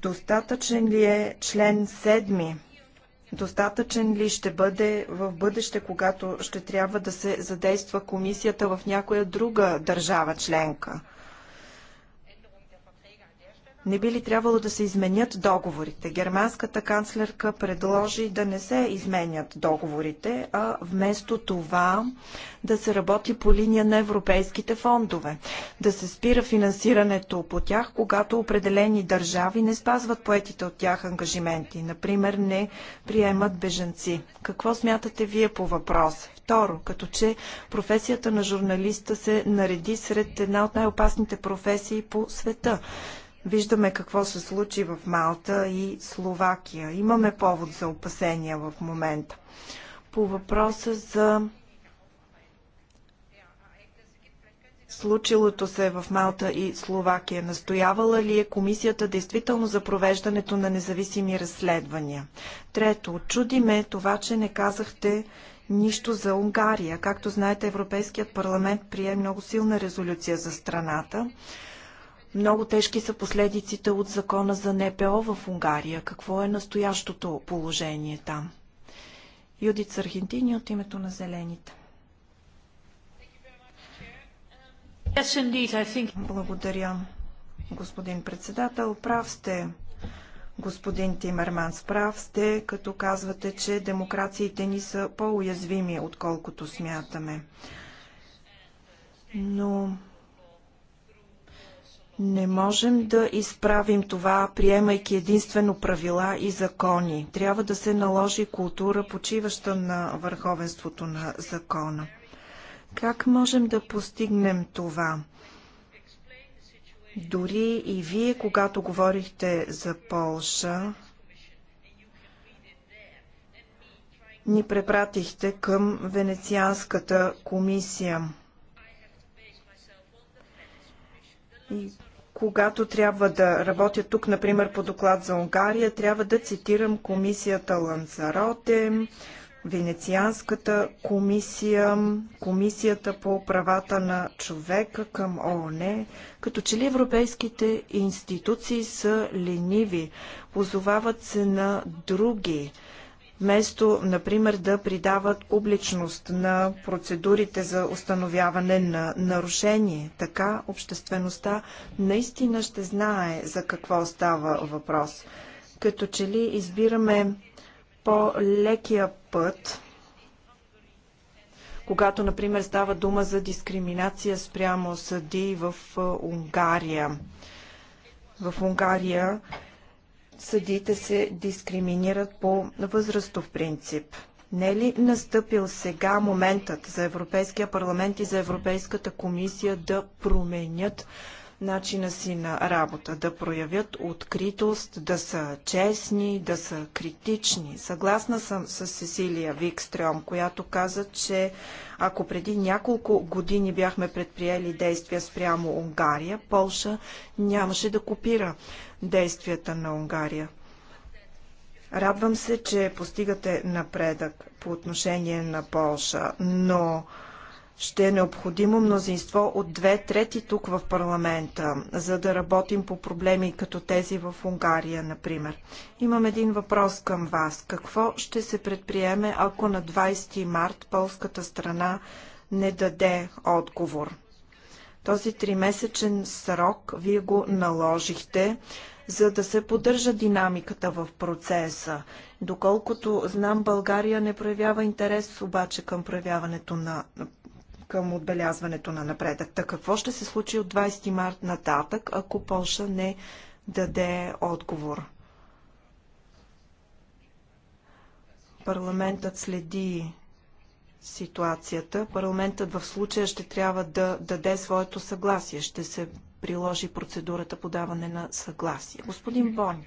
Достатъчен ли е член достатъчен ли ще бъде в бъдеще, когато ще трябва да се задейства комисията в някоя друга държава членка? не би ли трябвало да се изменят договорите? Германската канцлерка предложи да не се изменят договорите, а вместо това да се работи по линия на европейските фондове, да се спира финансирането по тях, когато определени държави не спазват поетите от тях ангажименти, например не приемат бежанци. Какво смятате вие по въпрос? Второ, като че професията на журналиста се нареди сред една от най-опасните професии по света. Виждаме какво се случи в Малта и Словакия. Имаме повод за опасения в момента. По въпроса за случилото се в Малта и Словакия? Настоявала ли е комисията действително за провеждането на независими разследвания? Трето, ме това, че не казахте нищо за Унгария. Както знаете, Европейският парламент прие много силна резолюция за страната. Много тежки са последиците от закона за НПО в Унгария. Какво е настоящото положение там? Юдит Сархентини от името на Зелените. Благодаря, господин председател. Прав сте, господин Тимерманс. Прав сте, като казвате, че демокрациите ни са по-уязвими, отколкото смятаме. Но не можем да изправим това, приемайки единствено правила и закони. Трябва да се наложи култура, почиваща на върховенството на закона. Как можем да постигнем това? Дори и вие, когато говорихте за Полша, ни препратихте към Венецианската комисия. И когато трябва да работя тук, например, по доклад за Унгария, трябва да цитирам комисията Ланцароте, Венецианската комисия, комисията по правата на човека към ООН, като че ли европейските институции са лениви, позовават се на други вместо, например, да придават публичност на процедурите за установяване на нарушение. Така обществеността наистина ще знае за какво става въпрос. Като че ли избираме по-лекия път, когато, например, става дума за дискриминация спрямо съди в е, Унгария. В Унгария съдиите се дискриминират по възрастов принцип. Не е ли настъпил сега моментът за Европейския парламент и за Европейската комисия да променят начина си на работа, да проявят откритост, да са честни, да са критични. Съгласна съм с Сесилия Викстрем, която каза, че ако преди няколко години бяхме предприели действия спрямо Унгария, Полша нямаше да копира действията на Унгария. Радвам се, че постигате напредък по отношение на Полша, но ще е необходимо мнозинство от две трети тук в парламента, за да работим по проблеми като тези в Унгария, например. Имам един въпрос към вас. Какво ще се предприеме, ако на 20 март полската страна не даде отговор? Този тримесечен срок вие го наложихте, за да се поддържа динамиката в процеса. Доколкото знам, България не проявява интерес обаче към проявяването на към отбелязването на напредък. Та какво ще се случи от 20 март нататък, ако Польша не даде отговор? Парламентът следи ситуацията. Парламентът в случая ще трябва да даде своето съгласие. Ще се приложи процедурата по даване на съгласие. Господин Бон.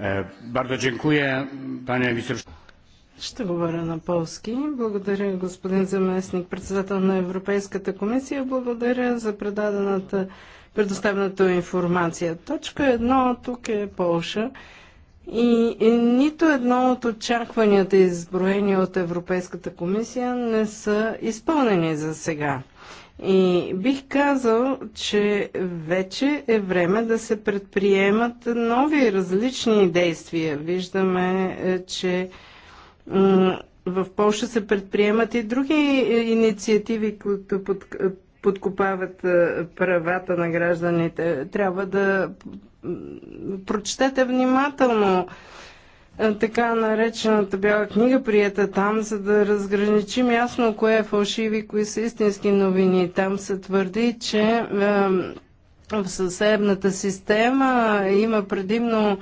Е, бардо dziękuję, panie wiceprzewodniczący. Ще говоря на полски. Благодаря, господин заместник, председател на Европейската комисия. Благодаря за предадената, предоставената информация. Точка едно тук е Полша. И, и нито едно от очакванията, изброени от Европейската комисия, не са изпълнени за сега. И бих казал, че вече е време да се предприемат нови различни действия. Виждаме, е, че в Польша се предприемат и други е, инициативи, които подкопават е, правата на гражданите. Трябва да прочетете внимателно е, така наречената бяла книга, приета там, за да разграничим ясно кое е фалшиви, кои са истински новини. Там се твърди, че в съседната система има предимно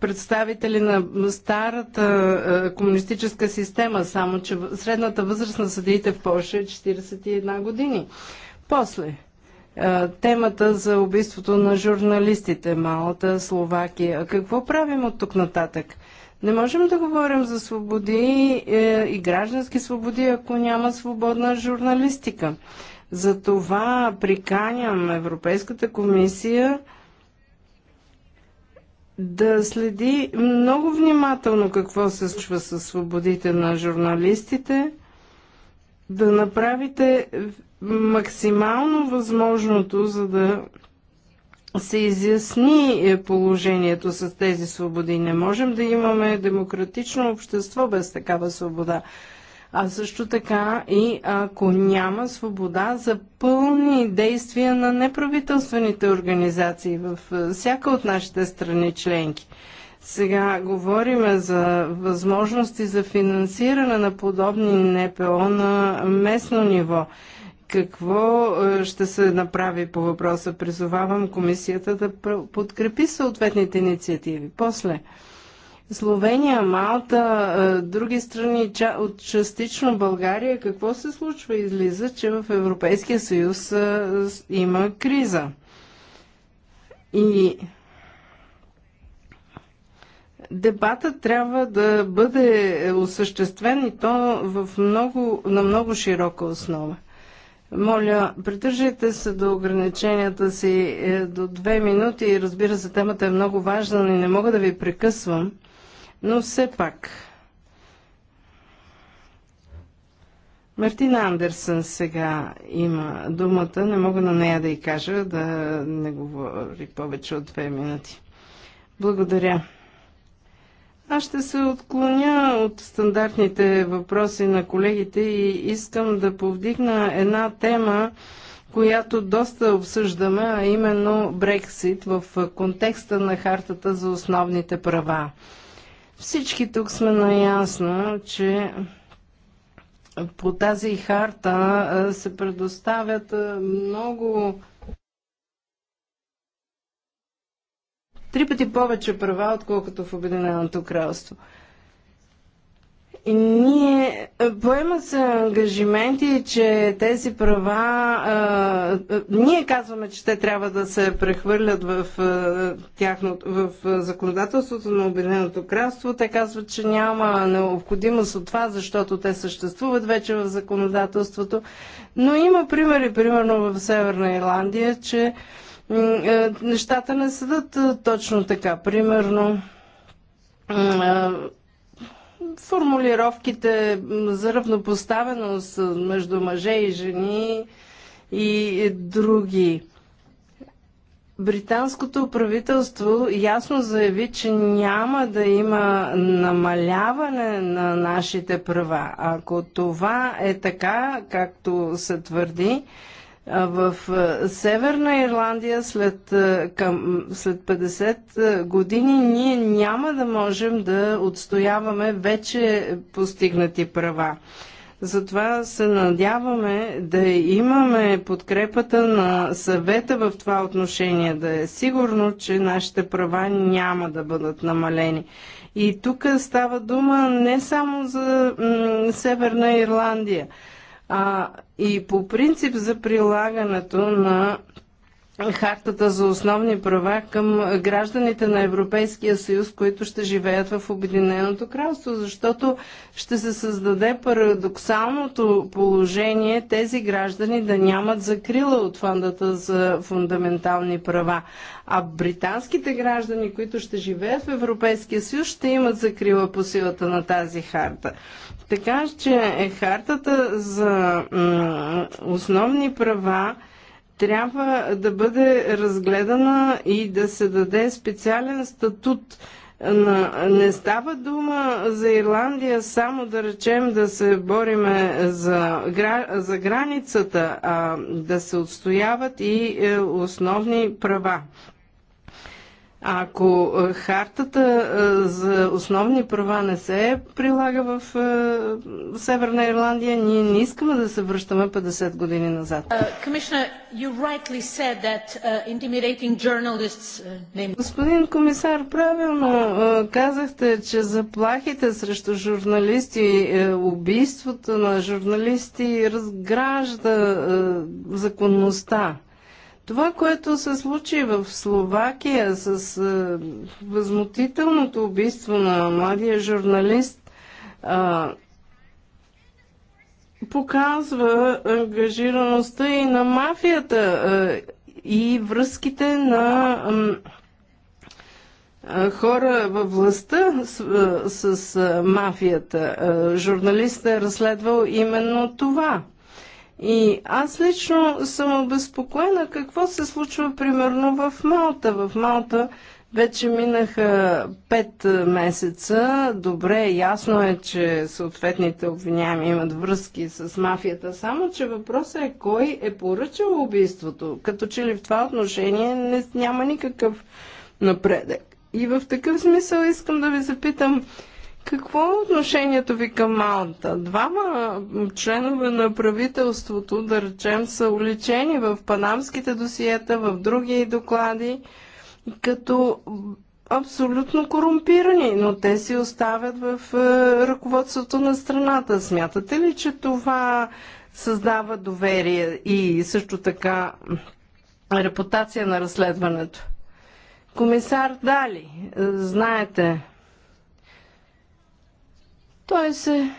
представители на старата е, комунистическа система, само че средната възраст на съдиите в Польша е 41 години. После, е, темата за убийството на журналистите, Малата, Словакия. Какво правим от тук нататък? Не можем да говорим за свободи е, и граждански свободи, ако няма свободна журналистика. Затова приканям Европейската комисия да следи много внимателно какво се случва с свободите на журналистите, да направите максимално възможното, за да се изясни е, положението с тези свободи. Не можем да имаме демократично общество без такава свобода а също така и ако няма свобода за пълни действия на неправителствените организации в всяка от нашите страни членки. Сега говорим за възможности за финансиране на подобни НПО на местно ниво. Какво ще се направи по въпроса? Призовавам комисията да подкрепи съответните инициативи. После, Словения, Малта, други страни от частично България, какво се случва? Излиза, че в Европейския съюз има криза. И дебатът трябва да бъде осъществен и то в много, на много широка основа. Моля, придържайте се до ограниченията си е, до две минути. Разбира се, темата е много важна и не мога да ви прекъсвам. Но все пак. Мартина Андерсън сега има думата. Не мога на нея да й кажа да не говори повече от две минути. Благодаря. Аз ще се отклоня от стандартните въпроси на колегите и искам да повдигна една тема, която доста обсъждаме, а именно Брексит в контекста на хартата за основните права. Всички тук сме наясно, че по тази харта се предоставят много три пъти повече права, отколкото в Обединеното кралство. И ние е, поема се ангажименти, че тези права, а, е, е, ние казваме, че те трябва да се прехвърлят в, а, тяхно, в законодателството на Обединеното кралство. Те казват, че няма необходимост от това, защото те съществуват вече в законодателството. Но има примери, примерно в Северна Ирландия, че нещата не седат точно така. Примерно формулировките за равнопоставеност между мъже и жени и други. Британското правителство ясно заяви, че няма да има намаляване на нашите права. Ако това е така, както се твърди, в Северна Ирландия след, към, след 50 години ние няма да можем да отстояваме вече постигнати права. Затова се надяваме да имаме подкрепата на съвета в това отношение, да е сигурно, че нашите права няма да бъдат намалени. И тук става дума не само за Северна Ирландия а и по принцип за прилагането на Хартата за основни права към гражданите на Европейския съюз, които ще живеят в Обединеното кралство, защото ще се създаде парадоксалното положение тези граждани да нямат закрила от фондата за фундаментални права. А британските граждани, които ще живеят в Европейския съюз, ще имат закрила по силата на тази харта. Така че е хартата за основни права трябва да бъде разгледана и да се даде специален статут е, на... Не става дума за Ирландия само да речем да се бориме за, гра... за границата, а да се отстояват и е, основни права. Ако е, хартата е, за основни права не се прилага в е, Северна Ирландия, ние не искаме да се връщаме 50 години назад. Господин комисар, правилно казахте, че заплахите срещу журналисти, убийството на журналисти разгражда законността. Това, което се случи в Словакия с е, възмутителното убийство на младия журналист, е, показва ангажираността и на мафията е, и връзките на хора във властта с, с мафията. Журналистът е разследвал именно това – и аз лично съм обезпокоена какво се случва примерно в Малта. В Малта вече минаха 5 месеца. Добре, ясно е, че съответните обвиняеми имат връзки с мафията, само че въпросът е кой е поръчал убийството. Като че ли в това отношение не, няма никакъв напредък. И в такъв смисъл искам да ви запитам, какво е отношението ви към Малта? Двама членове на правителството, да речем, са уличени в панамските досиета, в други доклади, като абсолютно корумпирани, но те си оставят в е, ръководството на страната. Смятате ли, че това създава доверие и също така репутация на разследването? Комисар Дали, знаете, той се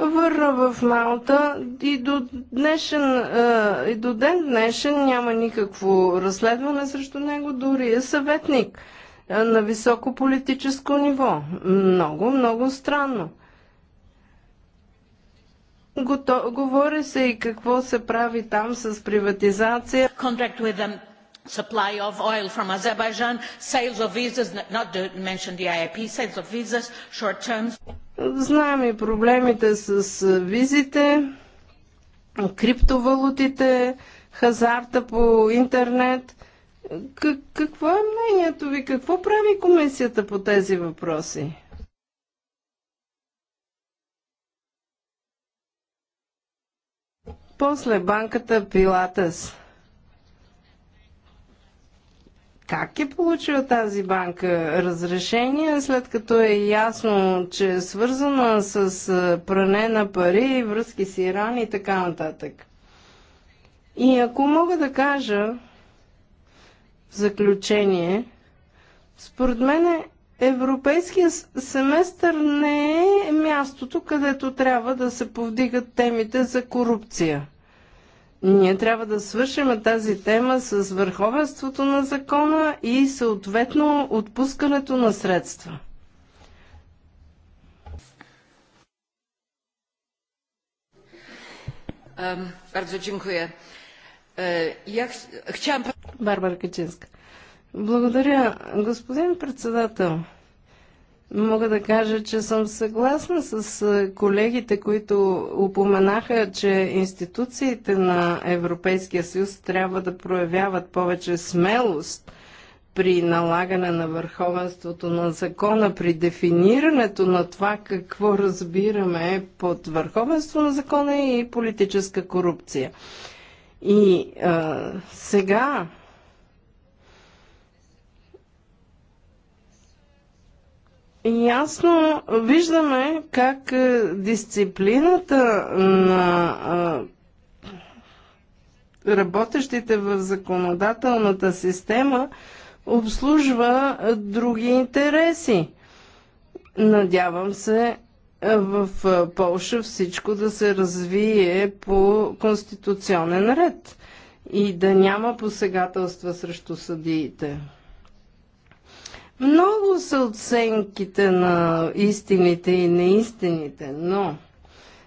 върна в Малта и до, днешен, и до ден днешен няма никакво разследване срещу него, дори е съветник на високо политическо ниво. Много, много странно. Говори се и какво се прави там с приватизация supply of oil from Azerbaijan, sales of visas, not to mention the IAP, sales of visas, short terms. Знаем и проблемите с визите, криптовалутите, хазарта по интернет. какво е мнението ви? Какво прави комисията по тези въпроси? После банката Пилатес. как е получила тази банка разрешение, след като е ясно, че е свързана с пране на пари, връзки с Иран и така нататък. И ако мога да кажа в заключение, според мен Европейския семестър не е мястото, където трябва да се повдигат темите за корупция – ние трябва да свършим тази тема с върховенството на закона и съответно отпускането на средства. Е, Барбара Качинска. Благодаря, господин председател. Мога да кажа, че съм съгласна с колегите, които упоменаха, че институциите на Европейския съюз трябва да проявяват повече смелост при налагане на върховенството на закона, при дефинирането на това какво разбираме под върховенство на закона и политическа корупция. И а, сега ясно виждаме как е, дисциплината на работещите в законодателната система обслужва е, други интереси. Надявам се е, в Полша всичко да се развие по конституционен ред и да няма посегателства срещу съдиите. Много са оценките на истините и неистините, но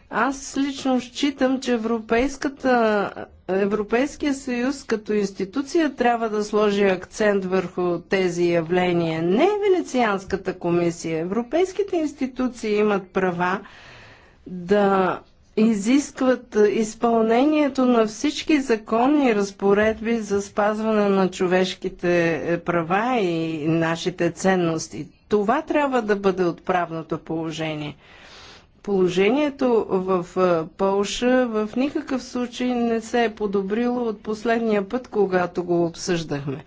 аз лично считам, че Европейската, Европейския съюз като институция трябва да сложи акцент върху тези явления. Не Венецианската комисия. Европейските институции имат права да изискват изпълнението на всички законни разпоредби за спазване на човешките е, права и нашите ценности. Това трябва да бъде отправното положение. Положението в Полша в никакъв случай не се е подобрило от последния път, когато го обсъждахме.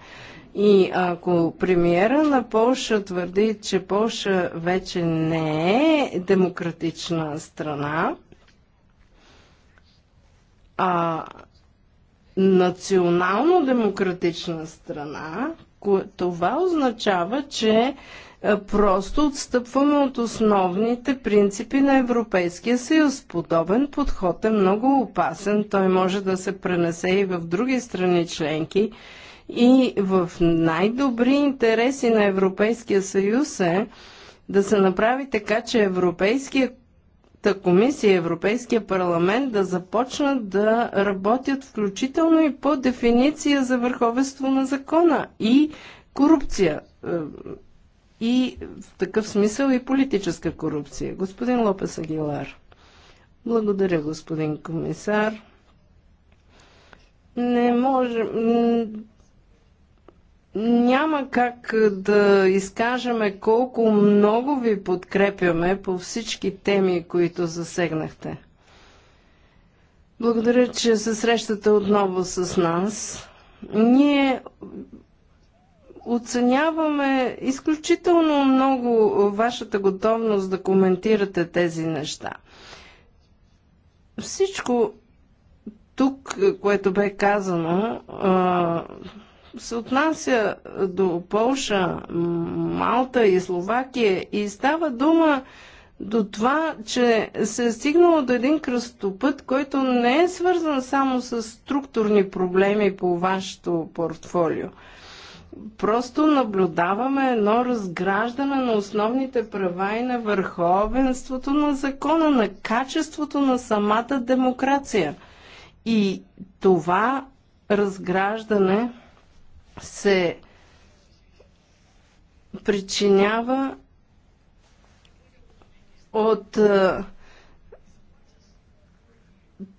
И ако премиера на Полша твърди, че Полша вече не е демократична страна, а, национално демократична страна, това означава, че просто отстъпваме от основните принципи на Европейския съюз. Подобен подход е много опасен. Той може да се пренесе и в други страни членки. И в най-добри интереси на Европейския съюз е да се направи така, че Европейския комисия и Европейския парламент да започнат да работят включително и по дефиниция за върховенство на закона и корупция. Е, и в такъв смисъл и политическа корупция. Господин Лопес Агилар. Благодаря, господин комисар. Не може. Няма как да изкажеме колко много ви подкрепяме по всички теми, които засегнахте. Благодаря, че се срещате отново с нас. Ние оценяваме изключително много вашата готовност да коментирате тези неща. Всичко тук, което бе казано, се отнася до Полша, Малта и Словакия и става дума до това, че се е стигнало до един кръстопът, който не е свързан само с структурни проблеми по вашето портфолио. Просто наблюдаваме едно разграждане на основните права и на върховенството на закона, на качеството на самата демокрация. И това разграждане се причинява от е,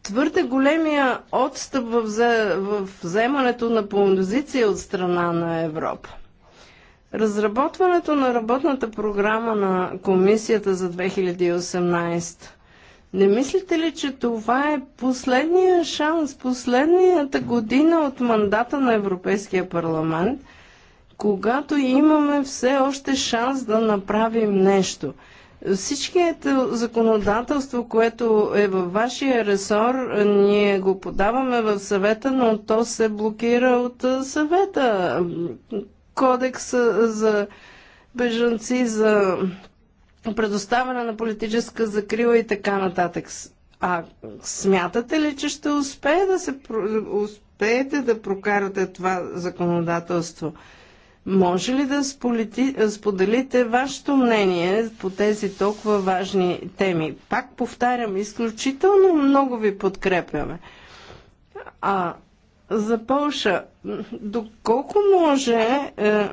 твърде големия отстъп в, в вземането на позиция от страна на Европа. Разработването на работната програма на комисията за 2018 не мислите ли, че това е последния шанс, последната година от мандата на Европейския парламент, когато имаме все още шанс да направим нещо? Всичкието законодателство, което е във вашия ресор, ние го подаваме в съвета, но то се блокира от съвета. Кодекс за бежанци, за предоставяне на политическа закрила и така нататък. А смятате ли, че ще успее да се, успеете да прокарате това законодателство? Може ли да сполити, споделите вашето мнение по тези толкова важни теми? Пак повтарям, изключително много ви подкрепяме. А за Полша, доколко може. Е,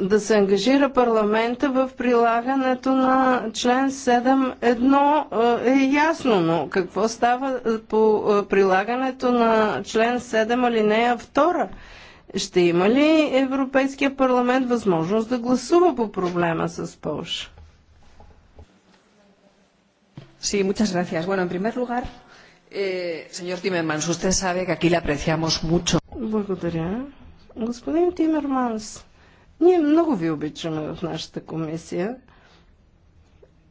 да се ангажира парламента в прилагането на член 7.1 е ясно, но какво става по прилагането на член 7 алинея 2? Ще има ли Европейския парламент възможност да гласува по проблема с Польша? Sí, muchas gracias. Bueno, en primer lugar, eh, señor Timmermans, usted sabe que aquí le apreciamos mucho. Благодаря. Господин Тимерманс, ние много ви обичаме в нашата комисия,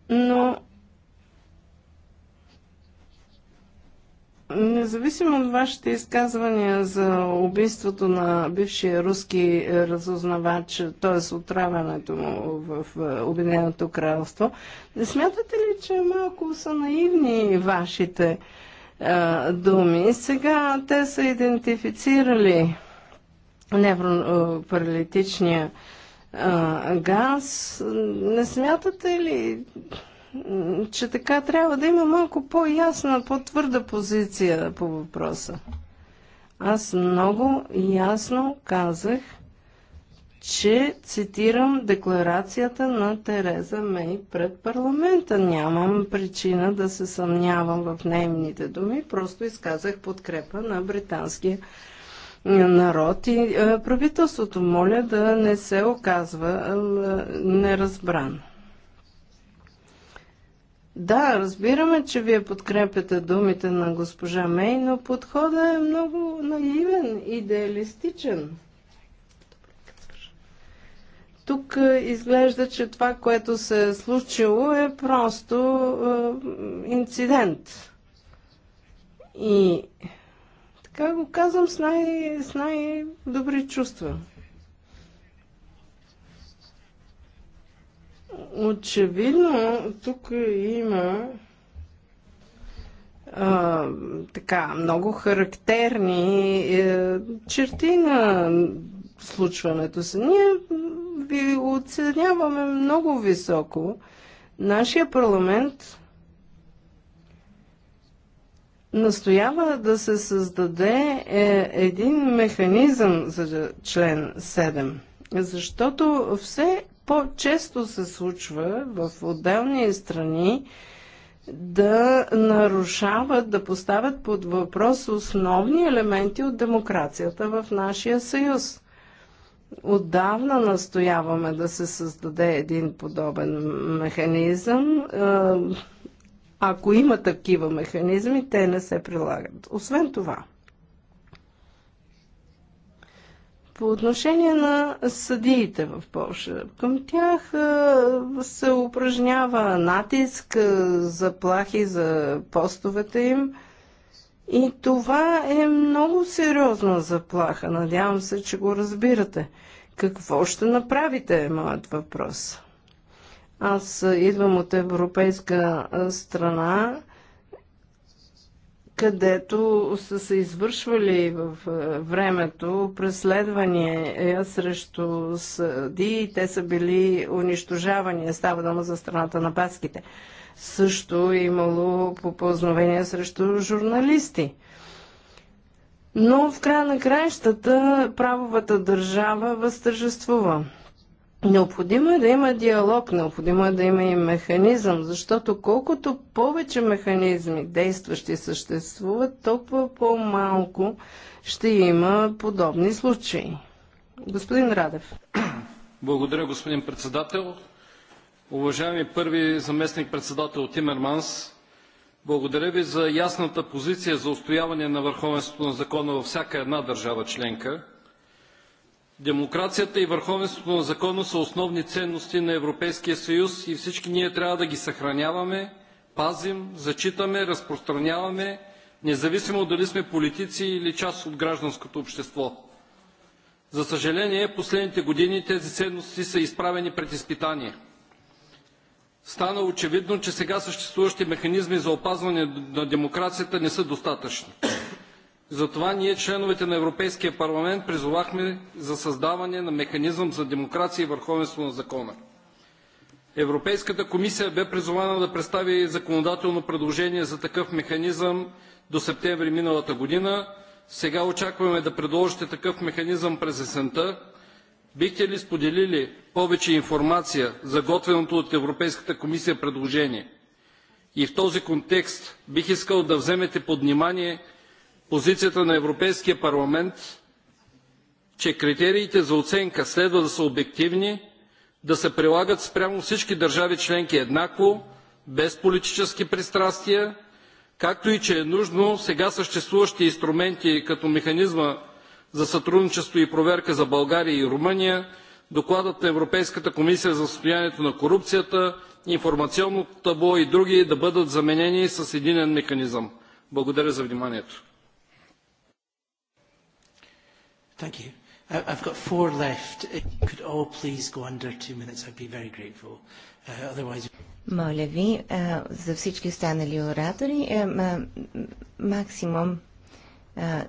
но Независимо от вашите изказвания за убийството на бившия руски разузнавач, т.е. отравянето му в Обединеното кралство, не смятате ли, че малко са наивни вашите думи? Сега те са идентифицирали невропаралитичния газ. Не смятате ли, че така трябва да има малко по-ясна, по-твърда позиция по въпроса? Аз много ясно казах, че цитирам декларацията на Тереза Мей пред парламента. Нямам причина да се съмнявам в нейните думи, просто изказах подкрепа на британския народ и е, правителството моля да не се оказва е, неразбрано. Да, разбираме, че вие подкрепяте думите на госпожа Мей, но подходът е много наивен, идеалистичен. Тук е, изглежда, че това, което се е случило, е просто е, инцидент. И така го казвам с, най- с най-добри чувства. Очевидно, тук има а, така, много характерни е, черти на случването се. Ние ви оценяваме много високо. Нашия парламент настоява да се създаде е, един механизъм за член 7, защото все по-често се случва в отделни страни да нарушават, да поставят под въпрос основни елементи от демокрацията в нашия съюз. Отдавна настояваме да се създаде един подобен механизъм. Е, ако има такива механизми, те не се прилагат. Освен това, По отношение на съдиите в Польша, към тях се упражнява натиск, заплахи за постовете им. И това е много сериозна заплаха. Надявам се, че го разбирате. Какво ще направите, е моят въпрос. Аз идвам от европейска страна, където са се извършвали в времето преследвания е, срещу съди и те са били унищожавани. Става дума за страната на баските. Също е имало попълзновения срещу журналисти. Но в края на краищата правовата държава възтържествува. Необходимо е да има диалог, необходимо е да има и механизъм, защото колкото повече механизми действащи съществуват, толкова по-малко ще има подобни случаи. Господин Радев. Благодаря, господин председател. Уважаеми първи заместник председател Тимерманс, благодаря ви за ясната позиция за устояване на върховенството на закона във всяка една държава членка – Демокрацията и върховенството на закона са основни ценности на Европейския съюз и всички ние трябва да ги съхраняваме, пазим, зачитаме, разпространяваме, независимо дали сме политици или част от гражданското общество. За съжаление, последните години тези ценности са изправени пред изпитание. Стана очевидно, че сега съществуващи механизми за опазване на демокрацията не са достатъчни. Затова ние, членовете на Европейския парламент, призовахме за създаване на механизъм за демокрация и върховенство на закона. Европейската комисия бе призована да представи законодателно предложение за такъв механизъм до септември миналата година. Сега очакваме да предложите такъв механизъм през есента. Бихте ли споделили повече информация за готвеното от Европейската комисия предложение? И в този контекст бих искал да вземете под внимание – позицията на Европейския парламент, че критериите за оценка следва да са обективни, да се прилагат спрямо всички държави членки еднакво, без политически пристрастия, както и че е нужно сега съществуващи инструменти като механизма за сътрудничество и проверка за България и Румъния, докладът на Европейската комисия за състоянието на корупцията, информационното табло и други да бъдат заменени с единен механизъм. Благодаря за вниманието. Thank you. I've got four left. If you could all please go under two minutes, I'd be very grateful. Uh, otherwise... Моля ви, а, за всички останали оратори, а, е, максимум а,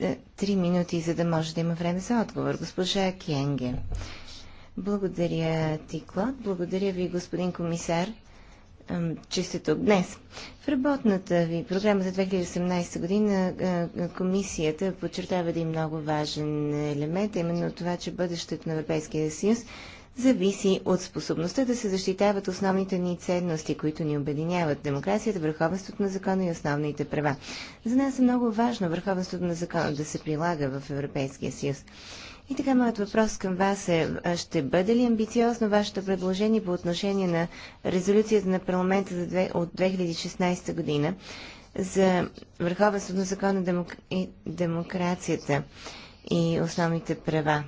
е, три минути, за да може да има време за отговор. Госпожа Кенге. Благодаря ти, Клод. Благодаря ви, господин комисар. Чистото днес. В работната ви програма за 2018 година комисията подчертава един много важен елемент, именно това, че бъдещето на Европейския съюз зависи от способността да се защитават основните ни ценности, които ни обединяват – демокрацията, върховенството на закона и основните права. За нас е много важно върховенството на закона да се прилага в Европейския съюз. И така, моят въпрос към вас е, ще бъде ли амбициозно вашето предложение по отношение на резолюцията на парламента от 2016 година за върховенството на закона демок... и демокрацията и основните права?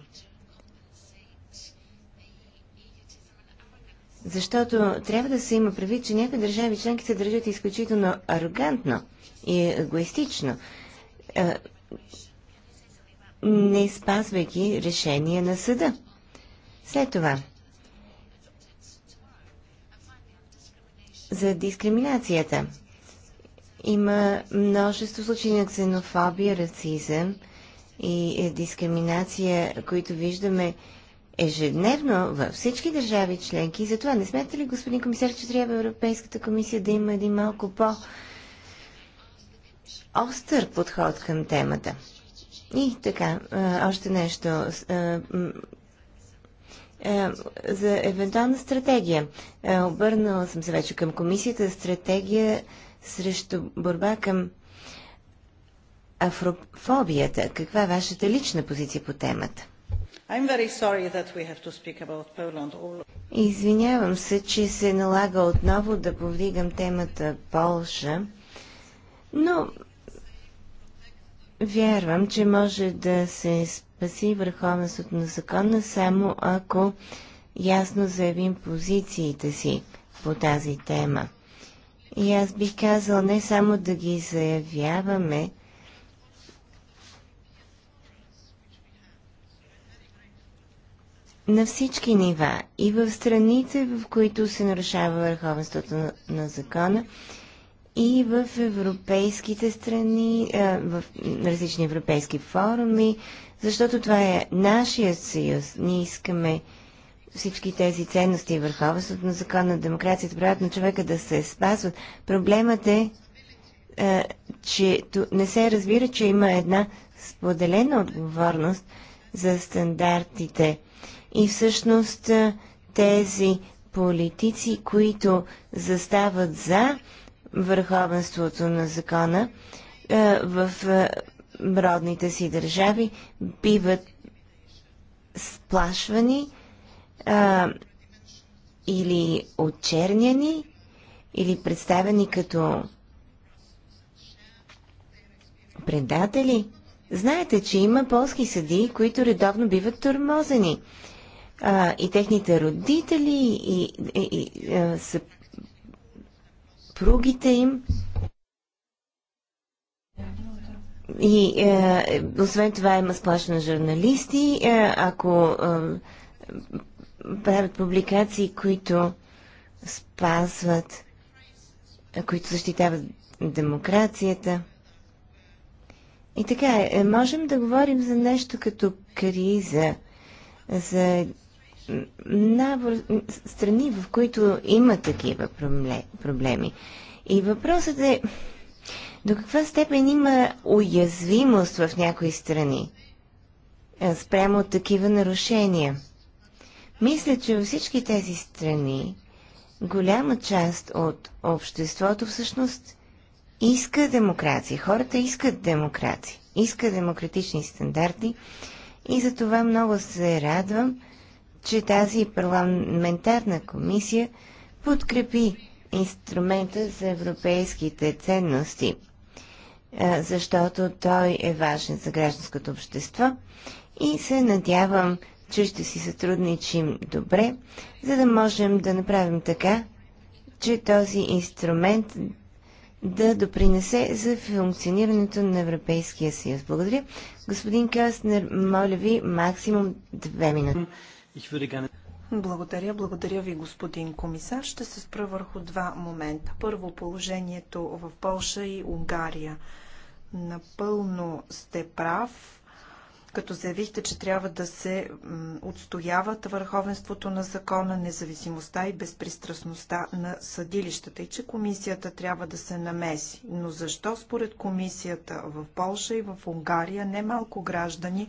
Защото трябва да се има предвид, че някои държави членки се държат изключително арогантно и егоистично не спазвайки решение на съда. След това, за дискриминацията. Има множество случаи на ксенофобия, расизъм и е, дискриминация, които виждаме ежедневно във всички държави членки. И затова не смятате ли, господин комисар, че трябва Европейската комисия да има един малко по- остър подход към темата? И така, още нещо за евентуална стратегия. Обърнала съм се вече към комисията. Стратегия срещу борба към афрофобията. Каква е вашата лична позиция по темата? Извинявам се, че се налага отново да повдигам темата Полша, но Вярвам, че може да се спаси върховенството на закона само ако ясно заявим позициите си по тази тема. И аз бих казал не само да ги заявяваме, на всички нива и в страните, в които се нарушава върховенството на, на закона, и в европейските страни, в различни европейски форуми, защото това е нашия съюз. Ние искаме всички тези ценности, върховенството на закона, демокрацията, правят на човека да се спазват. Проблемът е, че не се разбира, че има една споделена отговорност за стандартите. И всъщност тези политици, които застават за върховенството на закона е, в е, родните си държави, биват сплашвани а, е, или очерняни, или представени като предатели. Знаете, че има полски съдии, които редовно биват тормозени. А, и техните родители и, и, и, и, са съпругите им. И е, освен това има сплаш на журналисти. Е, ако е, правят публикации, които спазват, които защитават демокрацията. И така, е, можем да говорим за нещо като криза, за на страни, в които има такива проблеми. И въпросът е до каква степен има уязвимост в някои страни спрямо от такива нарушения. Мисля, че във всички тези страни голяма част от обществото всъщност иска демокрация. Хората искат демокрация, искат демократични стандарти и за това много се радвам, че тази парламентарна комисия подкрепи инструмента за европейските ценности, защото той е важен за гражданското общество и се надявам, че ще си сътрудничим добре, за да можем да направим така, че този инструмент да допринесе за функционирането на Европейския съюз. Благодаря. Господин Кастнер, моля ви, максимум две минути. Благодаря, благодаря ви, господин комисар. Ще се спра върху два момента. Първо, положението в Полша и Унгария. Напълно сте прав, като заявихте, че трябва да се отстояват върховенството на закона, независимостта и безпристрастността на съдилищата и че комисията трябва да се намеси. Но защо според комисията в Полша и в Унгария немалко граждани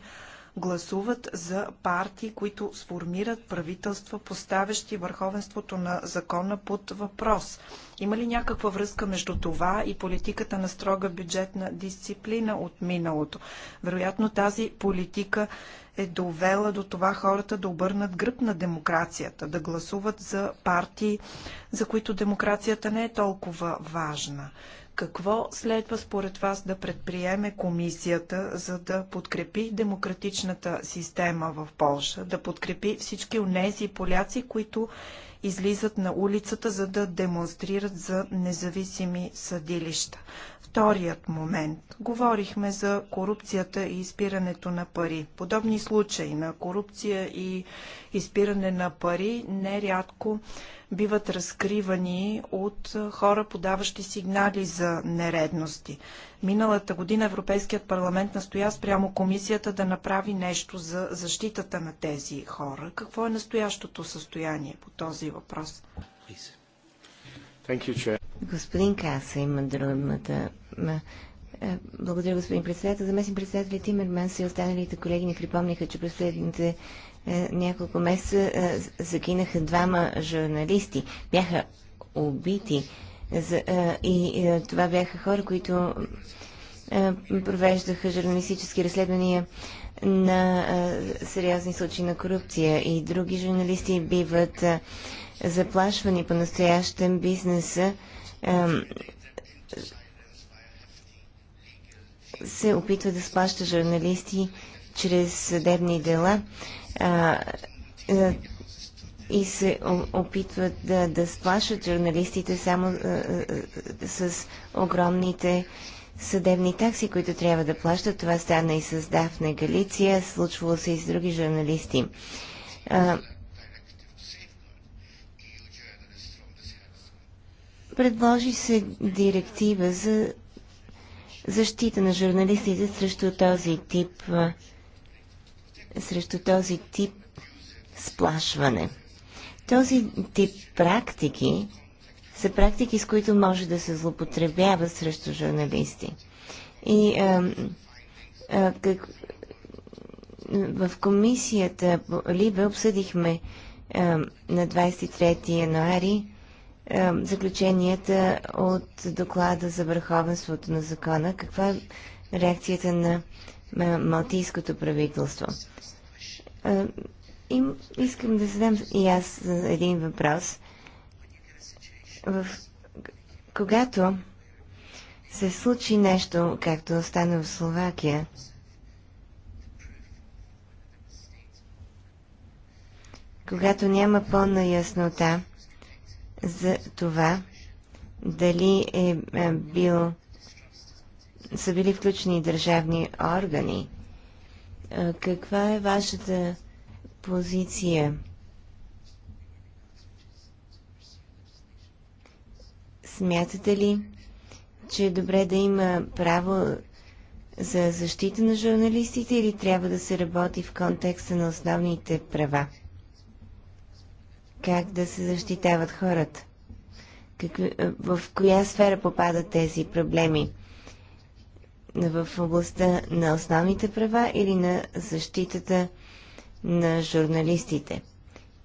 гласуват за партии, които сформират правителства, поставящи върховенството на закона под въпрос. Има ли някаква връзка между това и политиката на строга бюджетна дисциплина от миналото? Вероятно тази политика е довела до това хората да обърнат гръб на демокрацията, да гласуват за партии, за които демокрацията не е толкова важна. Какво следва според вас да предприеме комисията, за да подкрепи демократичната система в Польша, да подкрепи всички унези поляци, които излизат на улицата, за да демонстрират за независими съдилища? Вторият момент. Говорихме за корупцията и изпирането на пари. Подобни случаи на корупция и изпиране на пари нерядко биват разкривани от хора, подаващи сигнали за нередности. Миналата година Европейският парламент настоя спрямо комисията да направи нещо за защитата на тези хора. Какво е настоящото състояние по този въпрос? Господин Каса има думата е, благодаря, господин председател. Заместник председатели Тимерманс и останалите колеги ни припомниха, че последните е, няколко месеца е, загинаха двама журналисти. Бяха убити. За, и това бяха хора, които провеждаха журналистически разследвания на сериозни случаи на корупция. И други журналисти биват заплашвани по настоящен бизнеса се опитва да сплаща журналисти чрез съдебни дела а, а, е, и се опитват да, да сплашат журналистите само а, е, е, с огромните съдебни такси, които трябва да плащат. Това стана и с Дафна Галиция, случвало се и с други журналисти. Предложи се директива за защита на журналистите срещу този тип срещу този тип сплашване. Този тип практики са практики, с които може да се злопотребява срещу журналисти. И а, а, как, в комисията Либе обсъдихме а, на 23 януари е, заключенията от доклада за върховенството на закона? Каква е реакцията на малтийското правителство? Е, им, искам да задам и аз един въпрос. В, когато се случи нещо, както стана в Словакия, когато няма пълна яснота за това дали е, е, бил, са били включени държавни органи. Е, каква е вашата позиция? Смятате ли, че е добре да има право за защита на журналистите или трябва да се работи в контекста на основните права? как да се защитават хората. Какви, е, в коя сфера попадат тези проблеми? В областта на основните права или на защитата на журналистите?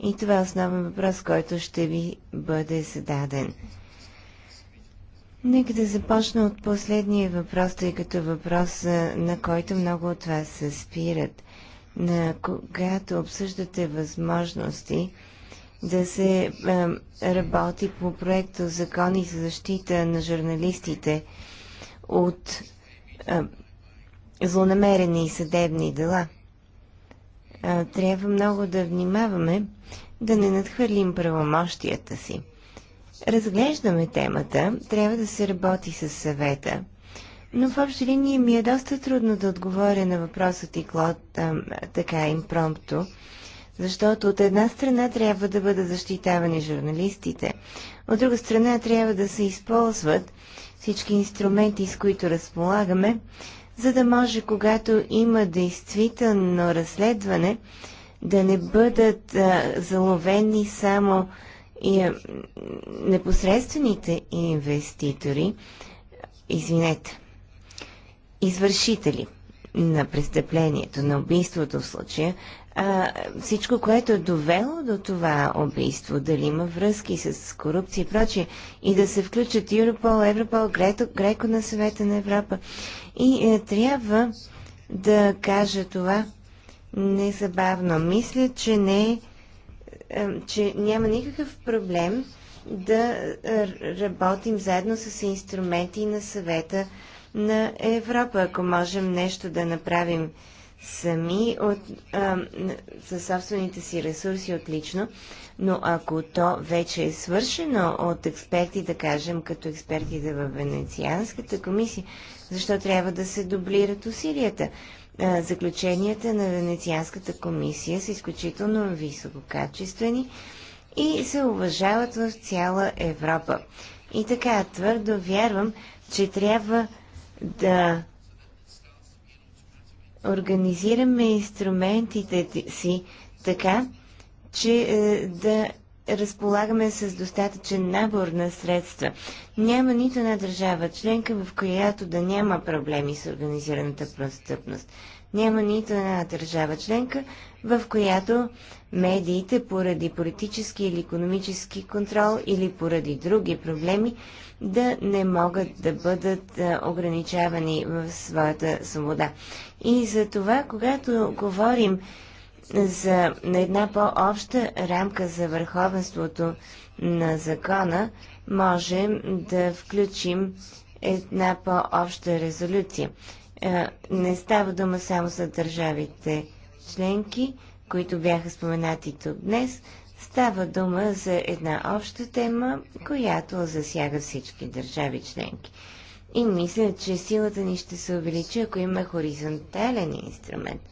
И това е основен въпрос, който ще ви бъде зададен. Нека да започна от последния въпрос, тъй като въпрос, на който много от вас се спират. На, когато обсъждате възможности, да се работи по проекта Закони за защита на журналистите от злонамерени съдебни дела. Е, трябва много да внимаваме да не надхвърлим правомощията си. Разглеждаме темата, трябва да се работи с съвета. Но в общи линии ми е доста трудно да отговоря на въпроса и Клод, а, така импромпто, защото от една страна трябва да бъдат защитавани журналистите, от друга страна трябва да се използват всички инструменти, с които разполагаме, за да може, когато има действително разследване, да не бъдат а, заловени само и, а, непосредствените инвеститори, извинете, извършители на престъплението, на убийството в случая, а, всичко, което е довело до това убийство, дали има връзки с корупция и прочие, и да се включат Европол, Европол, Грето, Греко на съвета на Европа. И е, трябва да кажа това незабавно. Мисля, че не е, е че няма никакъв проблем да е, работим заедно с инструменти на съвета на Европа. Ако можем нещо да направим сами от, а, със собствените си ресурси отлично, но ако то вече е свършено от експерти, да кажем, като експертите в Венецианската комисия, защо трябва да се дублират усилията? А, заключенията на Венецианската комисия са изключително висококачествени и се уважават в цяла Европа. И така твърдо вярвам, че трябва да организираме инструментите си така, че е, да разполагаме с достатъчен набор на средства. Няма нито една държава членка, в която да няма проблеми с организираната престъпност. Няма нито една държава членка, в която медиите поради политически или економически контрол или поради други проблеми да не могат да бъдат ограничавани в своята свобода. И за това, когато говорим за една по-обща рамка за върховенството на закона, можем да включим една по-обща резолюция. Е, не става дума само за държавите членки, които бяха споменати тук днес. Става дума за една обща тема, която засяга всички държави членки. И мисля, че силата ни ще се увеличи, ако има хоризонтален инструмент.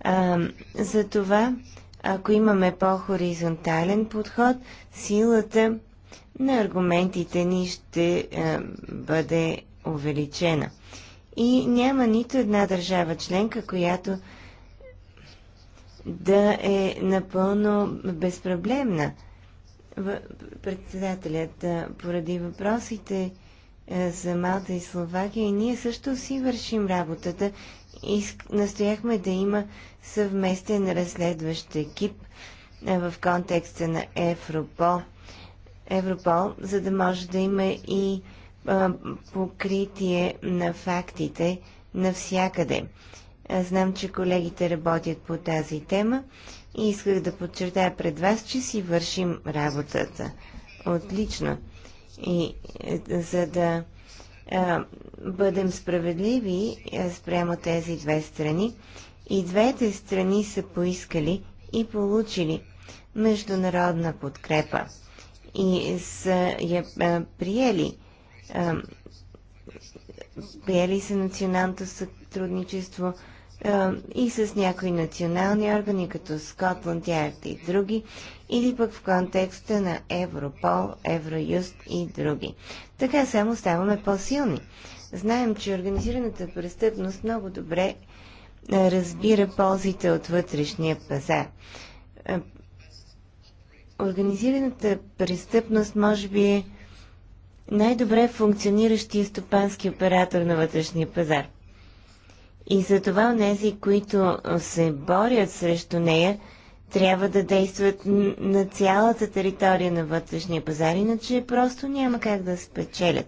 А, за това, ако имаме по-хоризонтален подход, силата на аргументите ни ще е, бъде увеличена. И няма нито една държава членка, която да е напълно безпроблемна. Председателят, е, поради въпросите е, за Малта и Словакия, и ние също си вършим работата. и Настояхме да има съвместен разследващ екип е, в контекста на Европо. Европол, за да може да има и а, покритие на фактите навсякъде. знам, че колегите работят по тази тема и исках да подчертая пред вас, че си вършим работата. Отлично. И е, за да а, бъдем справедливи е, спрямо тези две страни, и двете страни са поискали и получили международна подкрепа и са я приели. приели са националното сътрудничество и с някои национални органи, като Скотланд, Ярд и други, или пък в контекста на Европол, Евроюст и други. Така само ставаме по-силни. Знаем, че организираната престъпност много добре разбира ползите от вътрешния пазар организираната престъпност може би е най-добре функциониращия стопански оператор на вътрешния пазар. И за това онези, които се борят срещу нея, трябва да действат на цялата територия на вътрешния пазар, иначе просто няма как да спечелят.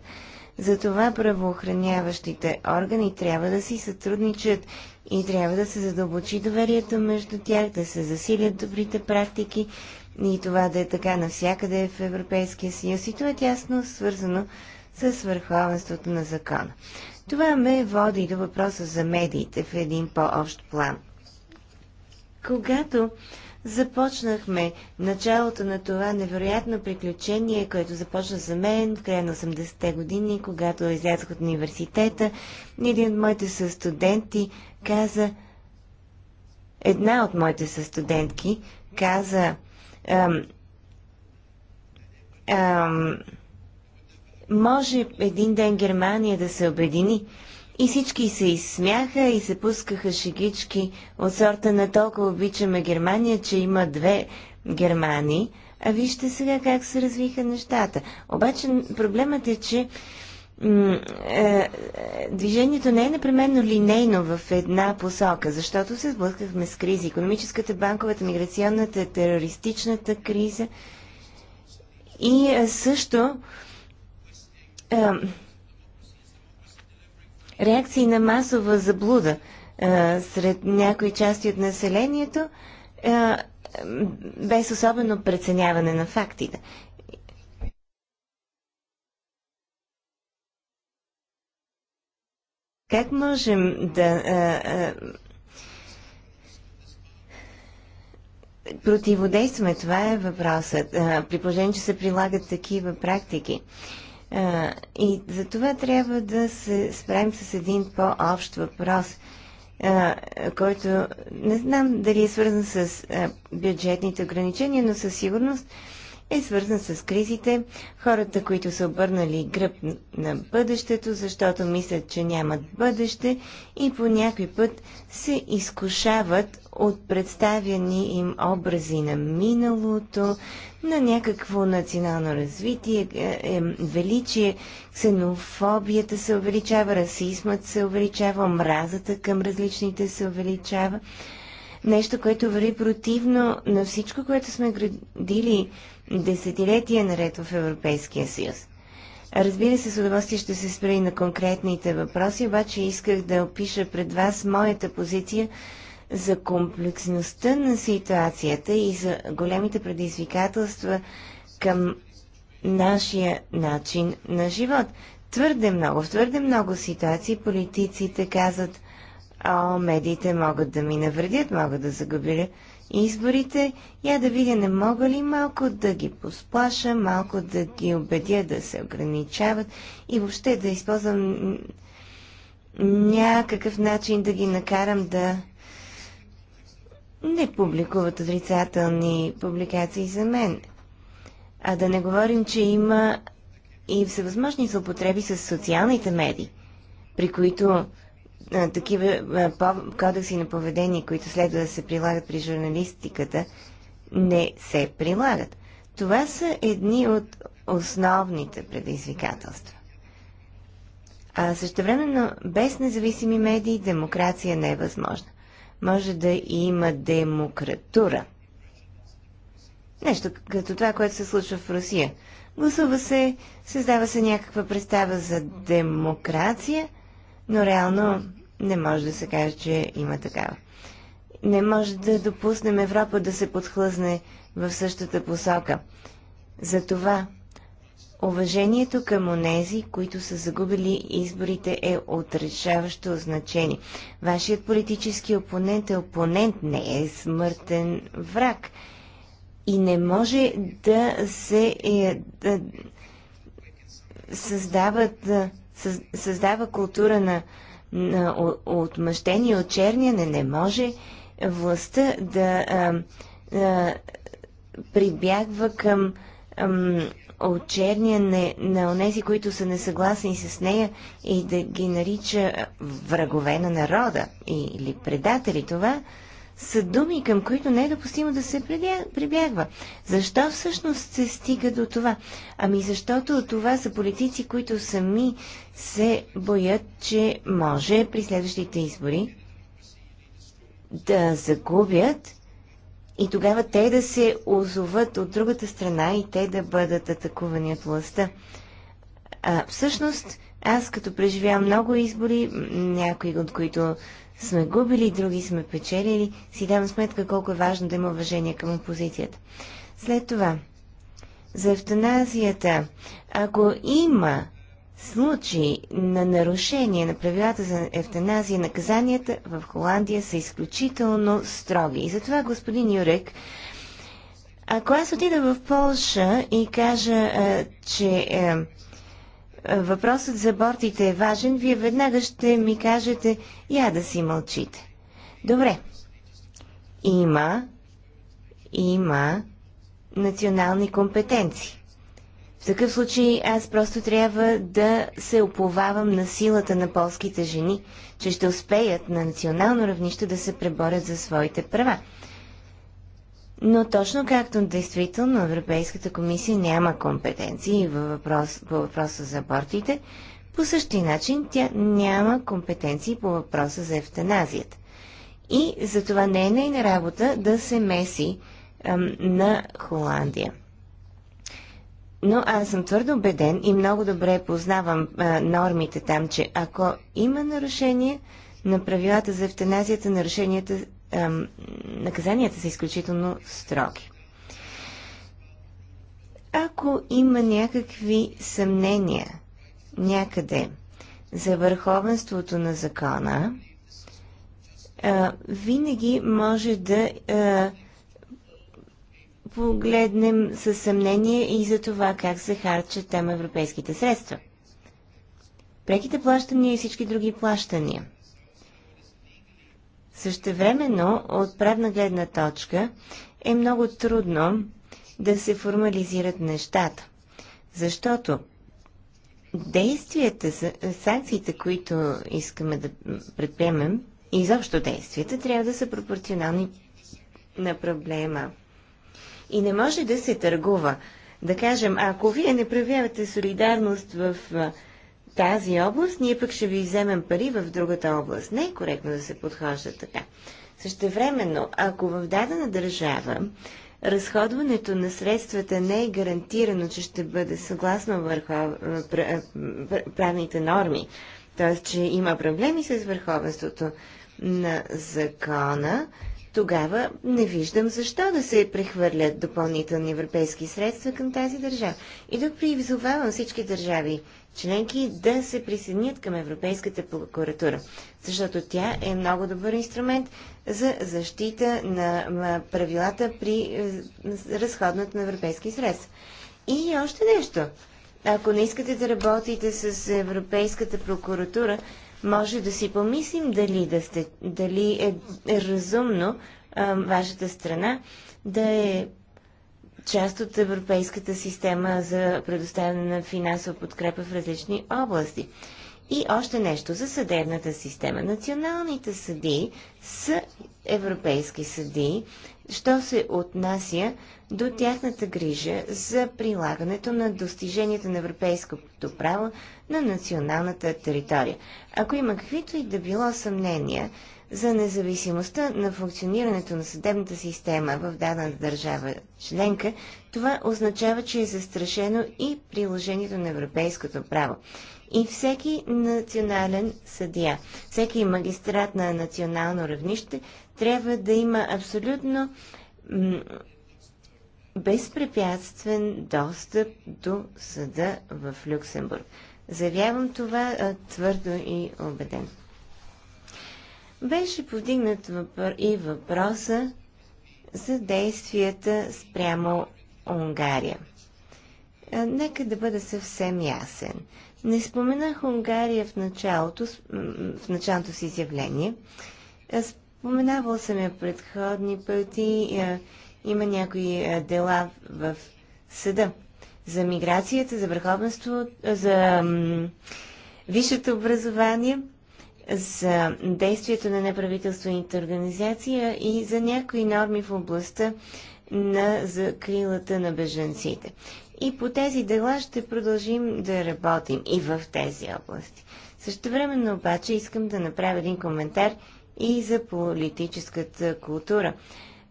Затова правоохраняващите органи трябва да си сътрудничат и трябва да се задълбочи доверието между тях, да се засилят добрите практики, и това да е така навсякъде в Европейския съюз и това е тясно свързано с върховенството на закона. Това ме води до въпроса за медиите в един по-общ план. Когато започнахме началото на това невероятно приключение, което започна за мен в края на 80-те години, когато излязох от университета, един от моите състуденти каза, една от моите състудентки каза, ем, ем, може един ден Германия да се обедини. И всички се изсмяха и се пускаха шегички от сорта на толкова обичаме Германия, че има две Германии. А вижте сега как се развиха нещата. Обаче проблемът е, че е, движението не е непременно линейно в една посока, защото се сблъскахме с кризи. Економическата, банковата, миграционната, терористичната криза. И е, също е, реакции на масова заблуда сред някои части от населението, без особено преценяване на фактите. Как можем да а, противодействаме? Това е въпросът. А, при положение, че се прилагат такива практики. А, и за това трябва да се справим с един по-общ въпрос, а, който не знам дали е свързан с а, бюджетните ограничения, но със сигурност а, е свързан с кризите, хората, които са обърнали гръб на бъдещето, защото мислят, че нямат бъдеще и по някой път се изкушават от представяни им образи на миналото, на някакво национално развитие, е, е, величие, ксенофобията се увеличава, расизмът се увеличава, омразата към различните се увеличава нещо, което върви противно на всичко, което сме градили десетилетия наред в Европейския съюз. Разбира се, с удоволствие ще се спра и на конкретните въпроси, обаче исках да опиша пред вас моята позиция за комплексността на ситуацията и за големите предизвикателства към нашия начин на живот. Твърде много, в твърде много ситуации политиците казват – а, медиите могат да ми навредят, могат да загубя изборите, я да видя не мога ли малко да ги посплаша, малко да ги убедя да се ограничават и въобще да използвам някакъв начин да ги накарам да не публикуват отрицателни публикации за мен. А да не говорим, че има и всевъзможни злоупотреби с социалните медии, при които такива кодекси на поведение, които следва да се прилагат при журналистиката, не се прилагат. Това са едни от основните предизвикателства. А същевременно без независими медии демокрация не е възможна. Може да има демократура. Нещо като това, което се случва в Русия. Гласува се, създава се някаква представа за демокрация, но реално не може да се каже, че има такава. Не може да допуснем Европа да се подхлъзне в същата посока. Затова уважението към онези, които са загубили изборите, е отрешаващо значение. Вашият политически опонент е опонент, не е смъртен враг. И не може да се е, да, създават, създава култура на отмъщение, от черняне. Не може властта да а, а, прибягва към а, на онези, които са несъгласни с нея и да ги нарича врагове на народа или предатели. Това са думи, към които не е допустимо да се прибягва. Защо всъщност се стига до това? Ами защото това са политици, които сами се боят, че може при следващите избори да загубят и тогава те да се озоват от другата страна и те да бъдат атакувани от властта. А, всъщност, аз като преживявам много избори, някои от които сме губили, други сме печелили, си давам сметка колко е важно да има уважение към опозицията. След това, за евтаназията, ако има случаи на нарушение на правилата за евтаназия, наказанията в Холандия са изключително строги. И затова, господин Юрек, ако аз отида в Полша и кажа, а, че а, въпросът за бортите е важен, вие веднага ще ми кажете, я да си мълчите. Добре. Има, има национални компетенции. В такъв случай аз просто трябва да се оповавам на силата на полските жени, че ще успеят на национално равнище да се преборят за своите права. Но точно както действително Европейската комисия няма компетенции във въпрос, по въпроса за абортите, по същия начин тя няма компетенции по въпроса за евтаназията. И за това не е нейна работа да се меси ам, на Холандия. Но аз съм твърдо убеден и много добре познавам а, нормите там, че ако има нарушение на правилата за евтаназията, нарушенията наказанията са изключително строги. Ако има някакви съмнения някъде за върховенството на закона, винаги може да погледнем със съмнение и за това как се харчат там европейските средства. Преките плащания и всички други плащания. Същевременно, от правна гледна точка, е много трудно да се формализират нещата, защото действията, санкциите, които искаме да предприемем, изобщо действията, трябва да са пропорционални на проблема. И не може да се търгува. Да кажем, ако вие не проявявате солидарност в тази област, ние пък ще ви вземем пари в другата област. Не е коректно да се подхожда така. Същевременно, ако в дадена държава разходването на средствата не е гарантирано, че ще бъде съгласно върхов... правните норми, т.е. че има проблеми с върховенството на закона, тогава не виждам защо да се прехвърлят допълнителни европейски средства към тази държава. И тук призовавам всички държави членки да се присъединят към Европейската прокуратура, защото тя е много добър инструмент за защита на правилата при е, разходната на европейски средства. И още нещо. Ако не искате да работите с Европейската прокуратура, може да си помислим дали, да сте, дали е, е разумно а, вашата страна да е част от европейската система за предоставяне на финансова подкрепа в различни области. И още нещо за съдебната система. Националните съдии са европейски съди що се отнася до тяхната грижа за прилагането на достиженията на европейското право на националната територия. Ако има каквито и да било съмнения за независимостта на функционирането на съдебната система в дадена държава членка, това означава, че е застрашено и приложението на европейското право. И всеки национален съдия, всеки магистрат на национално равнище трябва да има абсолютно безпрепятствен достъп до съда в Люксембург. Заявявам това твърдо и убеден. Беше повдигнат въпър... и въпроса за действията спрямо Унгария. Нека да бъда съвсем ясен. Не споменах Унгария в началото, в началото си изявление. Поменавал съм я предходни пъти. Е, има някои е, дела в съда за миграцията, за върховенство, е, за висшето образование, за действието на неправителствените организации и за някои норми в областта на закрилата на беженците. И по тези дела ще продължим да работим и в тези области. Също времено обаче искам да направя един коментар – и за политическата култура.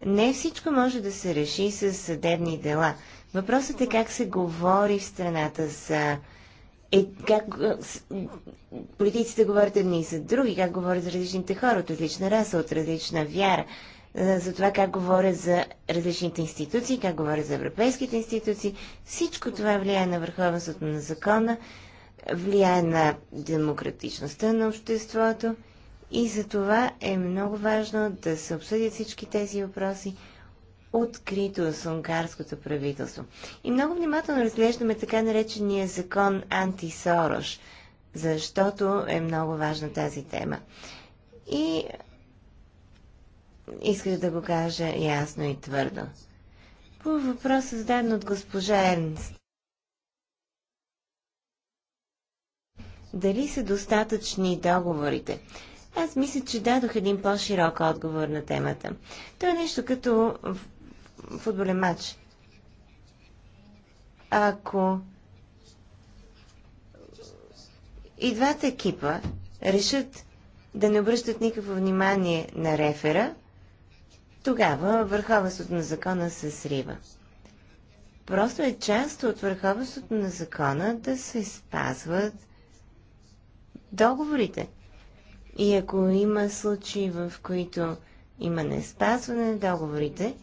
Не всичко може да се реши с съдебни дела. Въпросът е как се говори в страната за... Е, как политиците говорят едни за други, как говорят за различните хора от различна раса, от различна вяра, за това как говорят за различните институции, как говорят за европейските институции. Всичко това влияе на върховенството на закона, влияе на демократичността на обществото. И за това е много важно да се обсъдят всички тези въпроси открито с унгарското правителство. И много внимателно разглеждаме така наречения закон антисорош, защото е много важна тази тема. И исках да го кажа ясно и твърдо. По въпроса зададен от госпожа Ернст. Дали са достатъчни договорите? Аз мисля, че дадох един по-широк отговор на темата. То е нещо като футболен матч. Ако и двата екипа решат да не обръщат никакво внимание на рефера, тогава върховенството на закона се срива. Просто е част от върховенството на закона да се спазват договорите. И ако има случаи, в които има не спазване на договорите,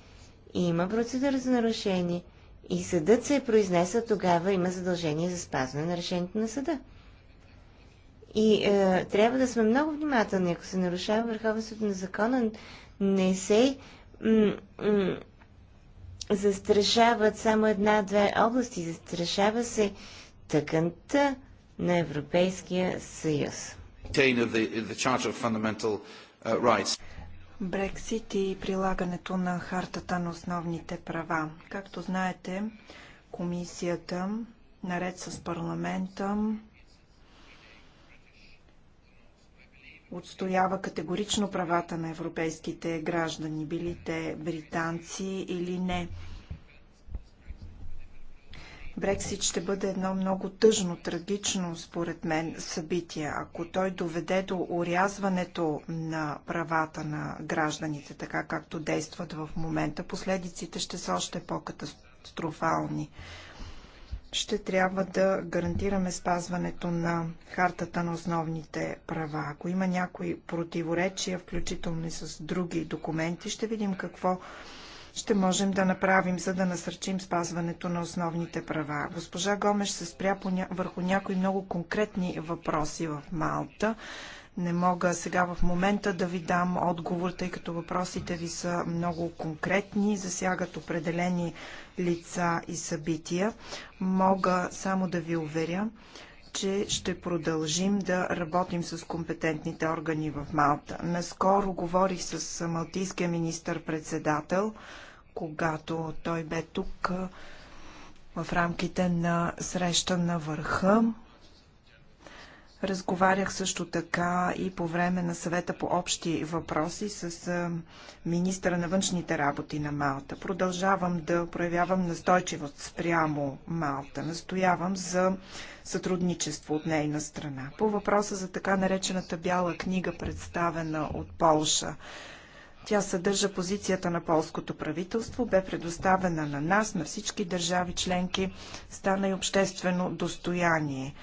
и има процедура за нарушение и съдът се е произнесъл, тогава има задължение за спазване на решението на съда. И е, трябва да сме много внимателни, ако се нарушава върховенството на закона, не се застрашават само една-две области, застрашава се тъканта на Европейския съюз. Uh, Брексит и прилагането на хартата на основните права. Както знаете, комисията, наред с парламента, отстоява категорично правата на европейските граждани, били те британци или не. Брексит ще бъде едно много тъжно, трагично, според мен, събитие. Ако той доведе до урязването на правата на гражданите, така както действат в момента, последиците ще са още по-катастрофални. Ще трябва да гарантираме спазването на хартата на основните права. Ако има някои противоречия, включително и с други документи, ще видим какво ще можем да направим, за да насърчим спазването на основните права. Госпожа Гомеш се спря върху някои много конкретни въпроси в Малта. Не мога сега в момента да ви дам отговор, тъй като въпросите ви са много конкретни, засягат определени лица и събития. Мога само да ви уверя, че ще продължим да работим с компетентните органи в Малта. Наскоро говорих с малтийския министър-председател, когато той бе тук в рамките на среща на върха. Разговарях също така и по време на съвета по общи въпроси с министра на външните работи на Малта. Продължавам да проявявам настойчивост спрямо Малта. Настоявам за сътрудничество от нейна страна. По въпроса за така наречената бяла книга, представена от Полша. Тя съдържа позицията на полското правителство, бе предоставена на нас, на всички държави членки, стана и обществено достояние.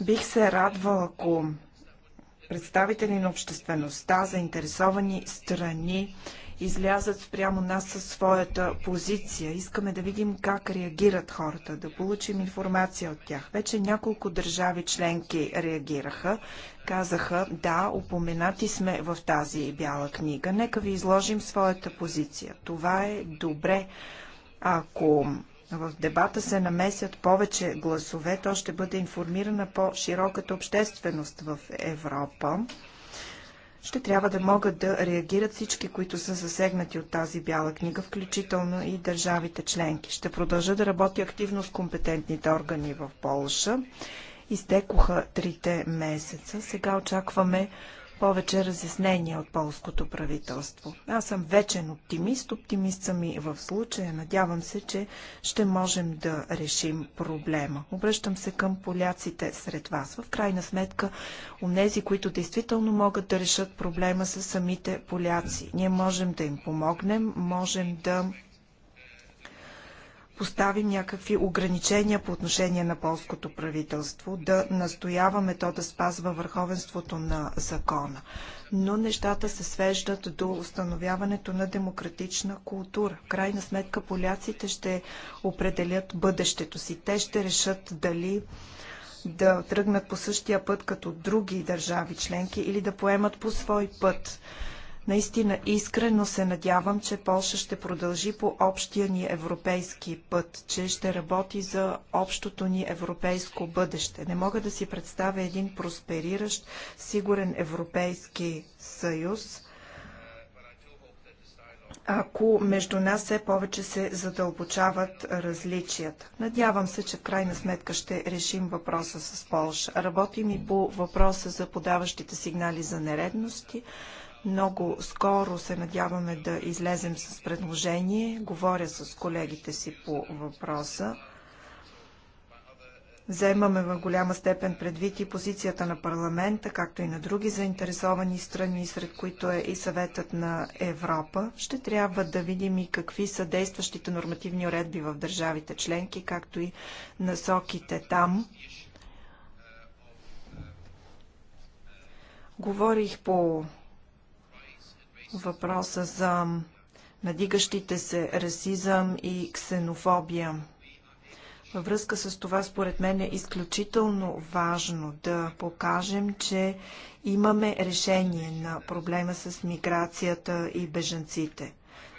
Бих се радвала, ако представители на обществеността, заинтересовани страни, излязат спрямо нас със своята позиция. Искаме да видим как реагират хората, да получим информация от тях. Вече няколко държави членки реагираха, казаха да, упоменати сме в тази бяла книга. Нека ви изложим своята позиция. Това е добре, ако в дебата се намесят повече гласове, то ще бъде информирана по-широката общественост в Европа. Ще трябва да могат да реагират всички, които са засегнати от тази бяла книга, включително и държавите членки. Ще продължа да работя активно с компетентните органи в Полша. Изтекоха трите месеца. Сега очакваме повече разяснения от полското правителство. Аз съм вечен оптимист, оптимист съм и в случая. Надявам се, че ще можем да решим проблема. Обръщам се към поляците сред вас. В крайна сметка, онези, които действително могат да решат проблема са самите поляци. Ние можем да им помогнем, можем да поставим някакви ограничения по отношение на полското правителство, да настояваме то да спазва върховенството на закона. Но нещата се свеждат до установяването на демократична култура. В крайна сметка поляците ще определят бъдещето си. Те ще решат дали да тръгнат по същия път като други държави членки или да поемат по свой път Наистина искрено се надявам, че Полша ще продължи по общия ни европейски път, че ще работи за общото ни европейско бъдеще. Не мога да си представя един проспериращ, сигурен Европейски съюз, ако между нас все повече се задълбочават различията. Надявам се, че в крайна сметка ще решим въпроса с Полша. Работим и по въпроса за подаващите сигнали за нередности. Много скоро се надяваме да излезем с предложение. Говоря с колегите си по въпроса. Заемаме в голяма степен предвид и позицията на парламента, както и на други заинтересовани страни, сред които е и съветът на Европа. Ще трябва да видим и какви са действащите нормативни уредби в държавите членки, както и насоките там. Говорих по въпроса за надигащите се расизъм и ксенофобия. Във връзка с това, според мен е изключително важно да покажем, че имаме решение на проблема с миграцията и бежанците.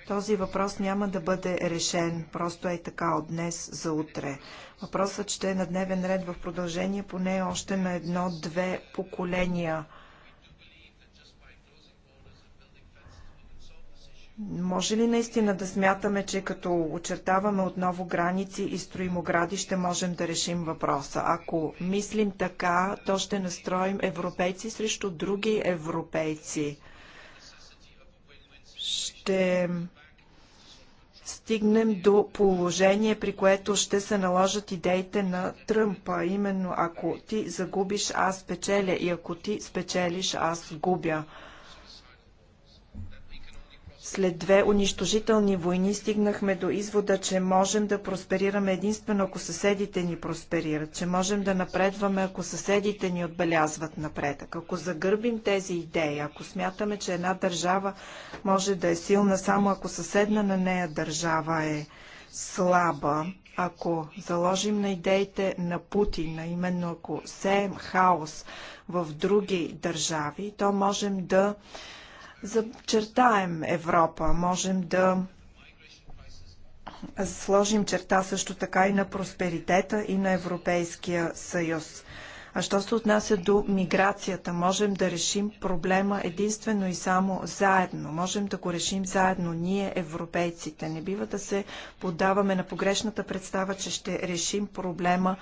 Този въпрос няма да бъде решен просто е така от днес за утре. Въпросът ще е на дневен ред в продължение поне още на едно-две поколения – Може ли наистина да смятаме, че като очертаваме отново граници и строим огради, ще можем да решим въпроса? Ако мислим така, то ще настроим европейци срещу други европейци. Ще стигнем до положение, при което ще се наложат идеите на Тръмпа. Именно ако ти загубиш, аз печеля и ако ти спечелиш, аз губя. След две унищожителни войни стигнахме до извода, че можем да просперираме единствено ако съседите ни просперират, че можем да напредваме ако съседите ни отбелязват напредък. Ако загърбим тези идеи, ако смятаме, че една държава може да е силна само ако съседна на нея държава е слаба, ако заложим на идеите на Путин, а именно ако сеем хаос в други държави, то можем да зачертаем Европа. Можем да сложим черта също така и на просперитета и на Европейския съюз. А що се отнася до миграцията, можем да решим проблема единствено и само заедно. Можем да го решим заедно ние, европейците. Не бива да се поддаваме на погрешната представа, че ще решим проблема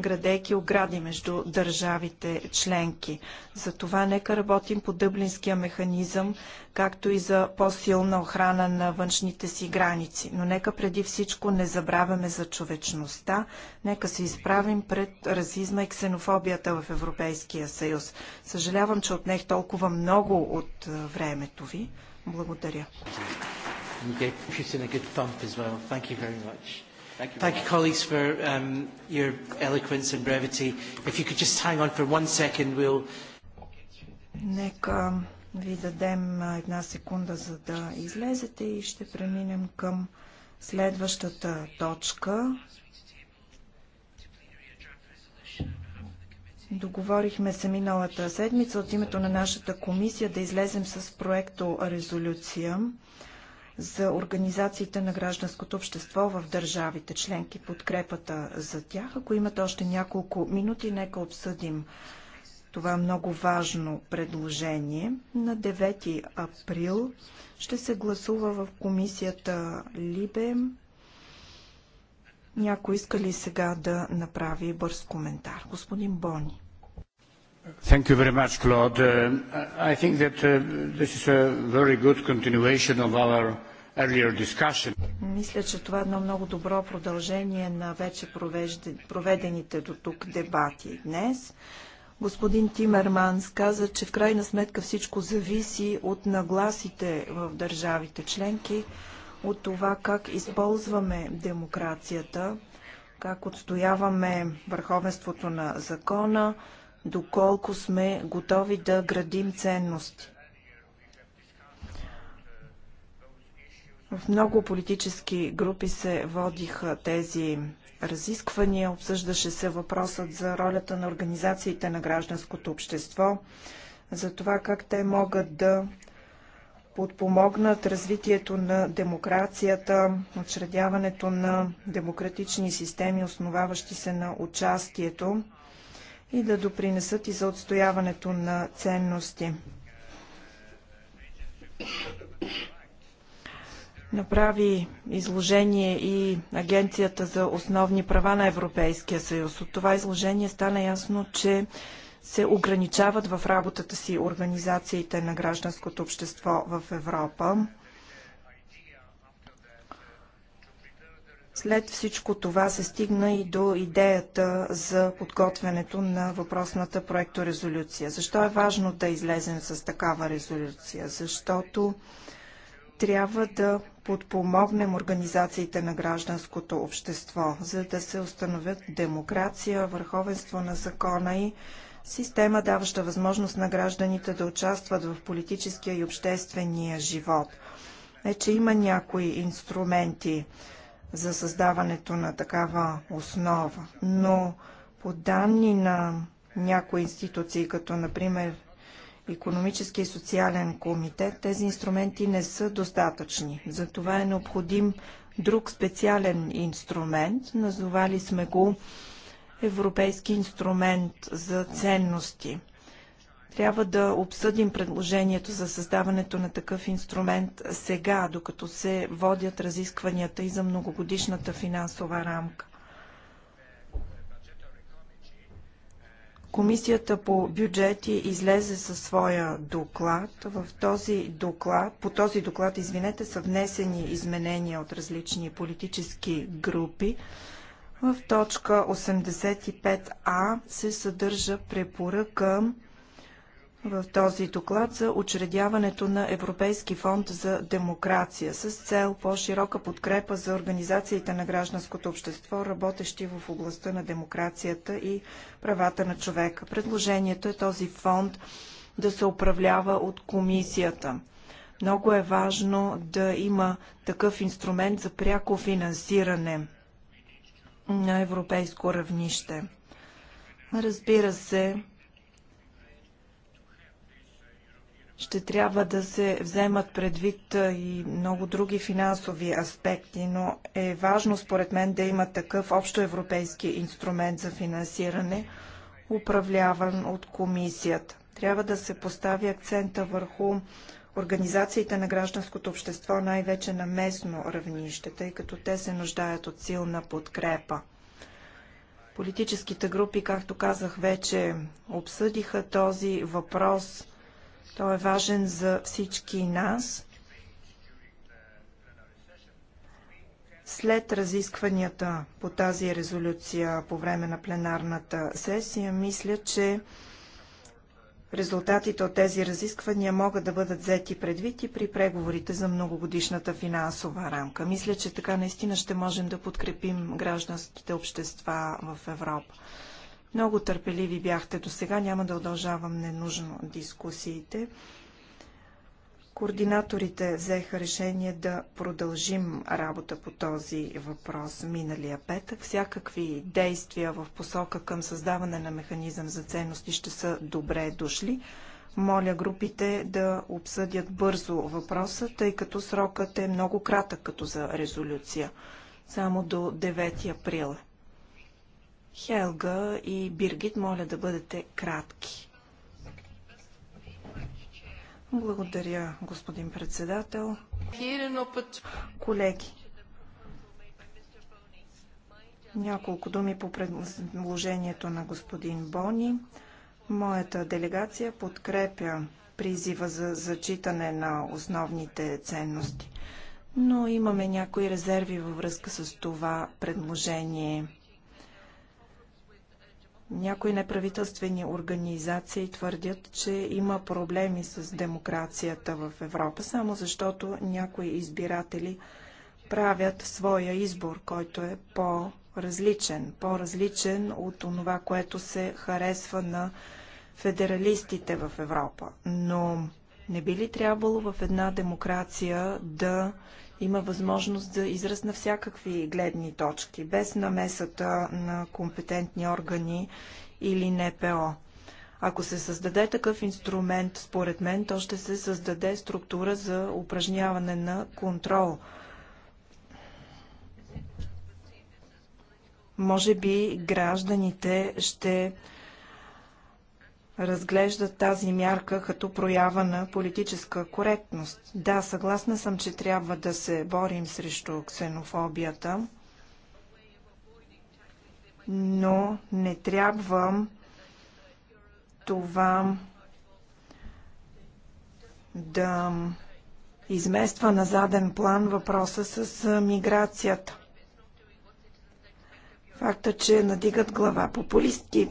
градейки огради между държавите членки. Затова нека работим по дъблинския механизъм, както и за по-силна охрана на външните си граници. Но нека преди всичко не забравяме за човечността, нека се изправим пред расизма и ксенофобията политиката в Европейския съюз. Съжалявам, че отнех толкова много от времето ви. Благодаря. Thank you, colleagues, for um, your eloquence and brevity. If you could just hang on for one second, we'll... Нека ви дадем една секунда, за да излезете и ще преминем към следващата точка. Договорихме се миналата седмица от името на нашата комисия да излезем с проекто резолюция за организациите на гражданското общество в държавите членки, подкрепата за тях. Ако имате още няколко минути, нека обсъдим това много важно предложение. На 9 април ще се гласува в комисията Либе някой иска ли сега да направи бърз коментар? Господин Бони. Thank you very much, Claude. Uh, I think that uh, this is a very good continuation of our earlier discussion. Мисля, че това е едно много добро продължение на вече проведените до тук дебати днес. Господин Тимерманс каза, че в крайна сметка всичко зависи от нагласите в държавите членки от това как използваме демокрацията, как отстояваме върховенството на закона, доколко сме готови да градим ценности. В много политически групи се водиха тези разисквания, обсъждаше се въпросът за ролята на организациите на гражданското общество, за това как те могат да подпомогнат развитието на демокрацията, учредяването на демократични системи, основаващи се на участието и да допринесат и за отстояването на ценности. Направи изложение и Агенцията за основни права на Европейския съюз. От това изложение стана ясно, че се ограничават в работата си организациите на гражданското общество в Европа. След всичко това се стигна и до идеята за подготвянето на въпросната проекторезолюция. Защо е важно да излезем с такава резолюция? Защото трябва да подпомогнем организациите на гражданското общество, за да се установят демокрация, върховенство на закона и Система, даваща възможност на гражданите да участват в политическия и обществения живот. Е, че има някои инструменти за създаването на такава основа, но по данни на някои институции, като например економически и социален комитет, тези инструменти не са достатъчни. Затова е необходим друг специален инструмент. Назовали сме го европейски инструмент за ценности. Трябва да обсъдим предложението за създаването на такъв инструмент сега, докато се водят разискванията и за многогодишната финансова рамка. Комисията по бюджети излезе със своя доклад. В този доклад, по този доклад, извинете, са внесени изменения от различни политически групи. В точка 85а се съдържа препоръка в този доклад за учредяването на Европейски фонд за демокрация с цел по-широка подкрепа за организациите на гражданското общество, работещи в областта на демокрацията и правата на човека. Предложението е този фонд да се управлява от комисията. Много е важно да има такъв инструмент за пряко финансиране – на европейско равнище. Разбира се, ще трябва да се вземат предвид и много други финансови аспекти, но е важно според мен да има такъв общоевропейски инструмент за финансиране, управляван от комисията. Трябва да се постави акцента върху организациите на гражданското общество, най-вече на местно равнище, тъй като те се нуждаят от силна подкрепа. Политическите групи, както казах вече, обсъдиха този въпрос. Той е важен за всички нас. След разискванията по тази резолюция по време на пленарната сесия, мисля, че Резултатите от тези разисквания могат да бъдат взети предвид и при преговорите за многогодишната финансова рамка. Мисля, че така наистина ще можем да подкрепим гражданските общества в Европа. Много търпеливи бяхте до сега, няма да удължавам ненужно дискусиите. Координаторите взеха решение да продължим работа по този въпрос миналия петък. Всякакви действия в посока към създаване на механизъм за ценности ще са добре дошли. Моля групите да обсъдят бързо въпроса, тъй като срокът е много кратък като за резолюция. Само до 9 април. Хелга и Биргит, моля да бъдете кратки. Благодаря, господин председател. Колеги, няколко думи по предложението на господин Бони. Моята делегация подкрепя призива за зачитане на основните ценности, но имаме някои резерви във връзка с това предложение – някои неправителствени организации твърдят, че има проблеми с демокрацията в Европа, само защото някои избиратели правят своя избор, който е по-различен, по-различен от това, което се харесва на федералистите в Европа. Но не би ли трябвало в една демокрация да има възможност за да израз на всякакви гледни точки, без намесата на компетентни органи или НПО. Ако се създаде такъв инструмент, според мен, то ще се създаде структура за упражняване на контрол. Може би гражданите ще разглеждат тази мярка като проява на политическа коректност. Да, съгласна съм, че трябва да се борим срещу ксенофобията, но не трябва това да измества на заден план въпроса с миграцията. Факта, че надигат глава популистки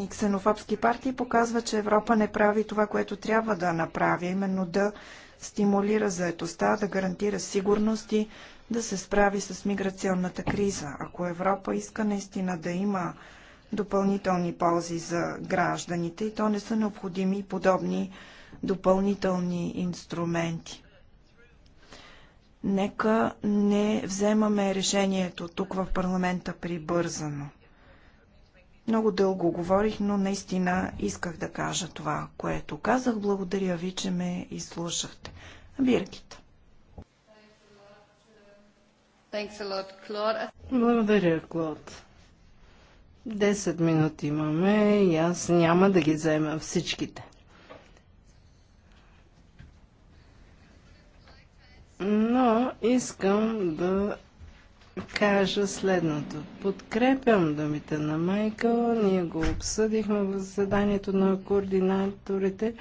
и ксенофобски партии показва, че Европа не прави това, което трябва да направи, именно да стимулира заетостта, да гарантира сигурност и да се справи с миграционната криза. Ако Европа иска наистина да има допълнителни ползи за гражданите и то не са необходими подобни допълнителни инструменти. Нека не вземаме решението тук в парламента прибързано. Много дълго говорих, но наистина исках да кажа това, което казах. Благодаря ви, че ме изслушахте. Бирките. Благодаря, Клод. Десет минути имаме и аз няма да ги взема всичките. но искам да кажа следното. Подкрепям думите на Майкъл, ние го обсъдихме в заседанието на координаторите.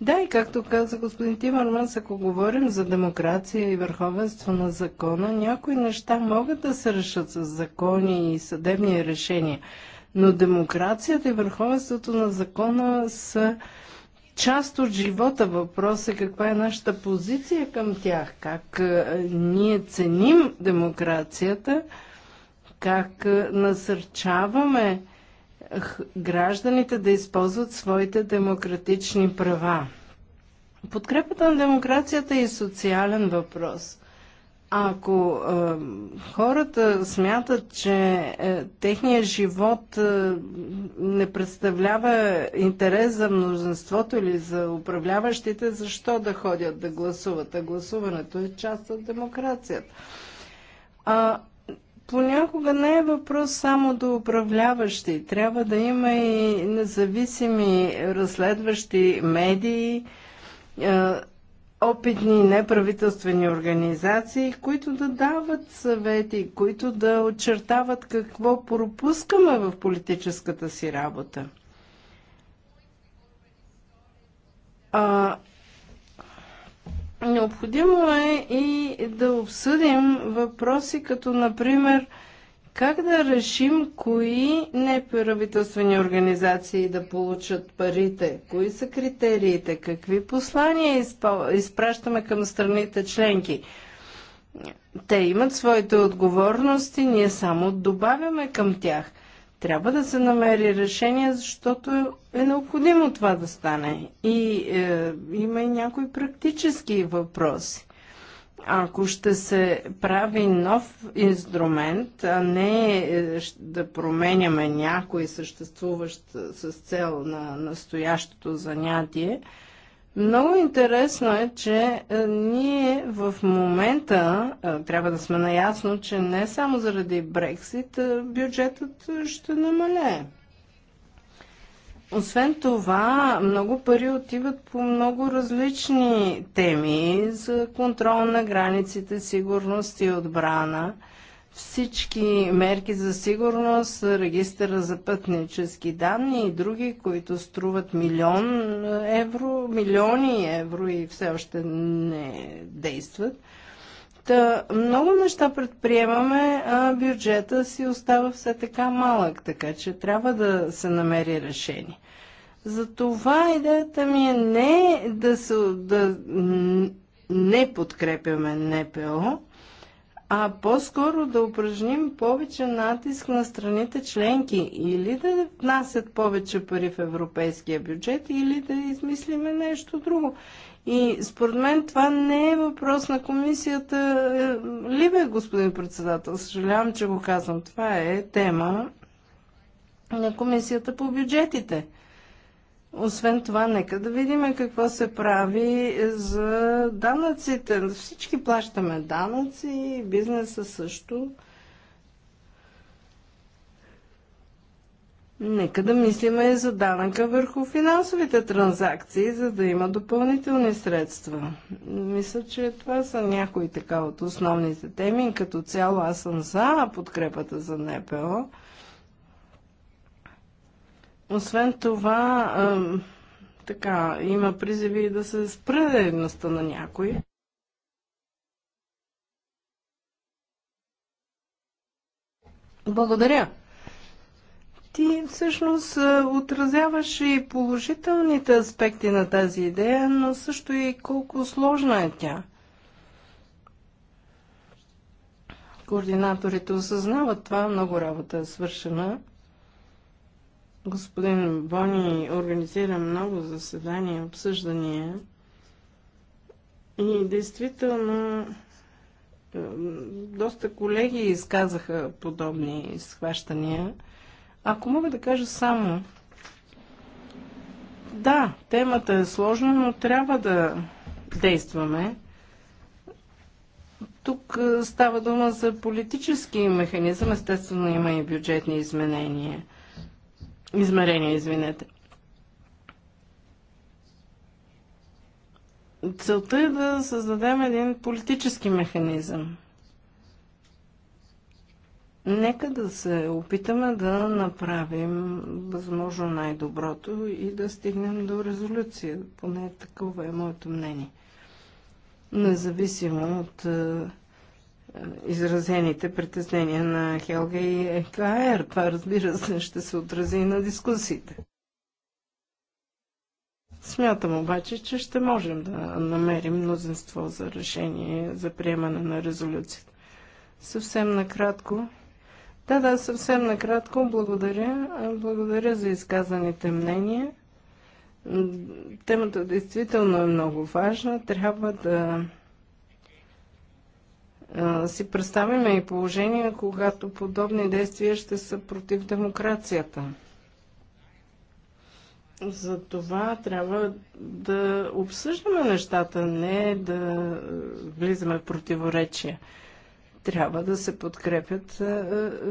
Да, и както каза господин Тимърманс, ако говорим за демокрация и върховенство на закона, някои неща могат да се решат с закони и съдебни решения. Но демокрацията и върховенството на закона са част от живота. Въпрос е каква е нашата позиция към тях, как ние ценим демокрацията, как насърчаваме гражданите да използват своите демократични права. Подкрепата на демокрацията е и социален въпрос. Ако е, хората смятат, че е, техният живот е, не представлява интерес за мнозинството или за управляващите, защо да ходят да гласуват? А гласуването е част от демокрацията. А, понякога не е въпрос само до управляващи. Трябва да има и независими разследващи медии, е, опитни неправителствени организации, които да дават съвети, които да очертават какво пропускаме в политическата си работа. А, необходимо е и да обсъдим въпроси като, например, как да решим кои неправителствени организации да получат парите? Кои са критериите? Какви послания изпращаме към страните членки? Те имат своите отговорности, ние само добавяме към тях. Трябва да се намери решение, защото е необходимо това да стане. И е, има и някои практически въпроси. Ако ще се прави нов инструмент, а не е, да променяме някой съществуващ с цел на настоящото занятие, много интересно е, че ние в момента трябва да сме наясно, че не само заради Брексит бюджетът ще намалее. Освен това, много пари отиват по много различни теми за контрол на границите, сигурност и отбрана. Всички мерки за сигурност, регистъра за пътнически данни и други, които струват милион евро, милиони евро и все още не действат – Та, много неща предприемаме, а бюджета си остава все така малък, така че трябва да се намери решение. Затова идеята ми е не да, се, да не подкрепяме НПО, а по-скоро да упражним повече натиск на страните членки или да внасят повече пари в европейския бюджет, или да измислиме нещо друго. И според мен това не е въпрос на комисията Либе, господин председател. Съжалявам, че го казвам. Това е тема на комисията по бюджетите. Освен това, нека да видим какво се прави за данъците. Всички плащаме данъци, бизнеса също. Нека да мислиме и за данъка върху финансовите транзакции, за да има допълнителни средства. Мисля, че това са някои така от основните теми. Като цяло аз съм за подкрепата за НПО. Освен това, така, има призиви да се спре дейността на някой. Благодаря ти всъщност отразяваш и положителните аспекти на тази идея, но също и колко сложна е тя. Координаторите осъзнават това, много работа е свършена. Господин Бони организира много заседания, обсъждания. И действително доста колеги изказаха подобни схващания – ако мога да кажа само, да, темата е сложна, но трябва да действаме. Тук е, става дума за политически механизъм, естествено има и бюджетни изменения. Измерения, извинете. Целта е да създадем един политически механизъм. Нека да се опитаме да направим възможно най-доброто и да стигнем до резолюция. Поне такова е моето мнение. Независимо от е, изразените притеснения на Хелга и ЕКР. Това, разбира се, ще се отрази и на дискусиите. Смятам обаче, че ще можем да намерим мнозинство за решение за приемане на резолюцията. Съвсем накратко, да, да, съвсем накратко. Благодаря. Благодаря за изказаните мнения. Темата действително е много важна. Трябва да си представиме и положение, когато подобни действия ще са против демокрацията. За това трябва да обсъждаме нещата, не да влизаме в противоречия трябва да се подкрепят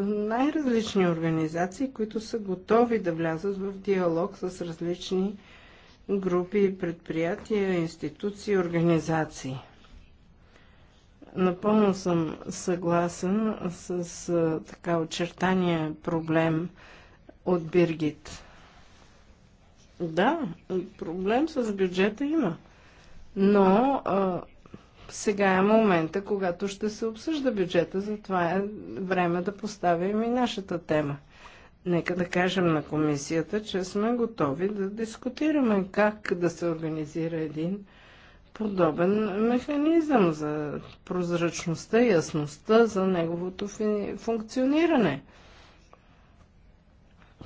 най-различни организации, които са готови да влязат в диалог с различни групи, предприятия, институции, организации. Напълно съм съгласен с така очертания проблем от Биргит. Да, проблем с бюджета има. Но сега е момента, когато ще се обсъжда бюджета, затова е време да поставим и нашата тема. Нека да кажем на комисията, че сме готови да дискутираме как да се организира един подобен механизъм за прозрачността, ясността, за неговото функциониране.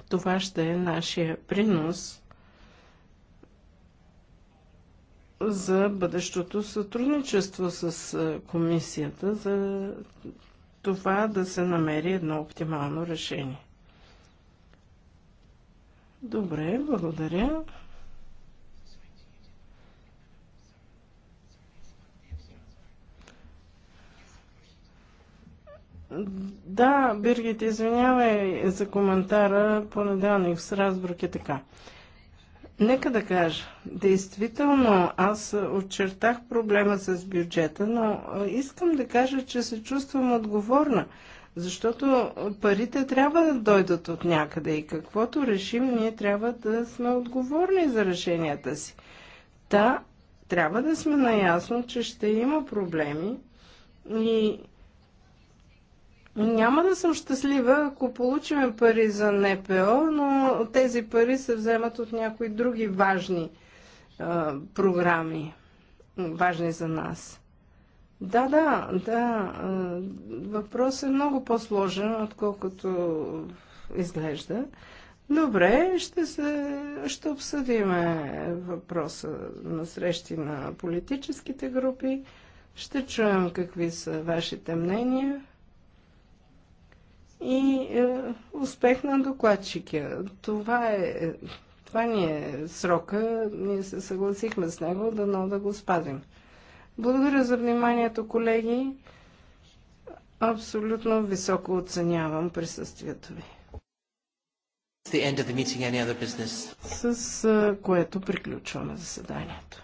Това ще е нашия принос за бъдещото сътрудничество с комисията, за това да се намери едно оптимално решение. Добре, благодаря. Да, Биргит, извинявай за коментара. Понеделник в Страсбург е така. Нека да кажа, действително аз очертах проблема с бюджета, но искам да кажа, че се чувствам отговорна, защото парите трябва да дойдат от някъде и каквото решим, ние трябва да сме отговорни за решенията си. Та трябва да сме наясно, че ще има проблеми и няма да съм щастлива, ако получим пари за НПО, но тези пари се вземат от някои други важни а, програми, важни за нас. Да, да, да. въпрос е много по-сложен, отколкото изглежда. Добре, ще, се, ще обсъдиме въпроса на срещи на политическите групи. Ще чуем какви са вашите мнения и е, успех на докладчика. Това е, е, това ни е срока. Ние се съгласихме с него, да но да го спазим. Благодаря за вниманието, колеги. Абсолютно високо оценявам присъствието ви. С е, което приключваме заседанието.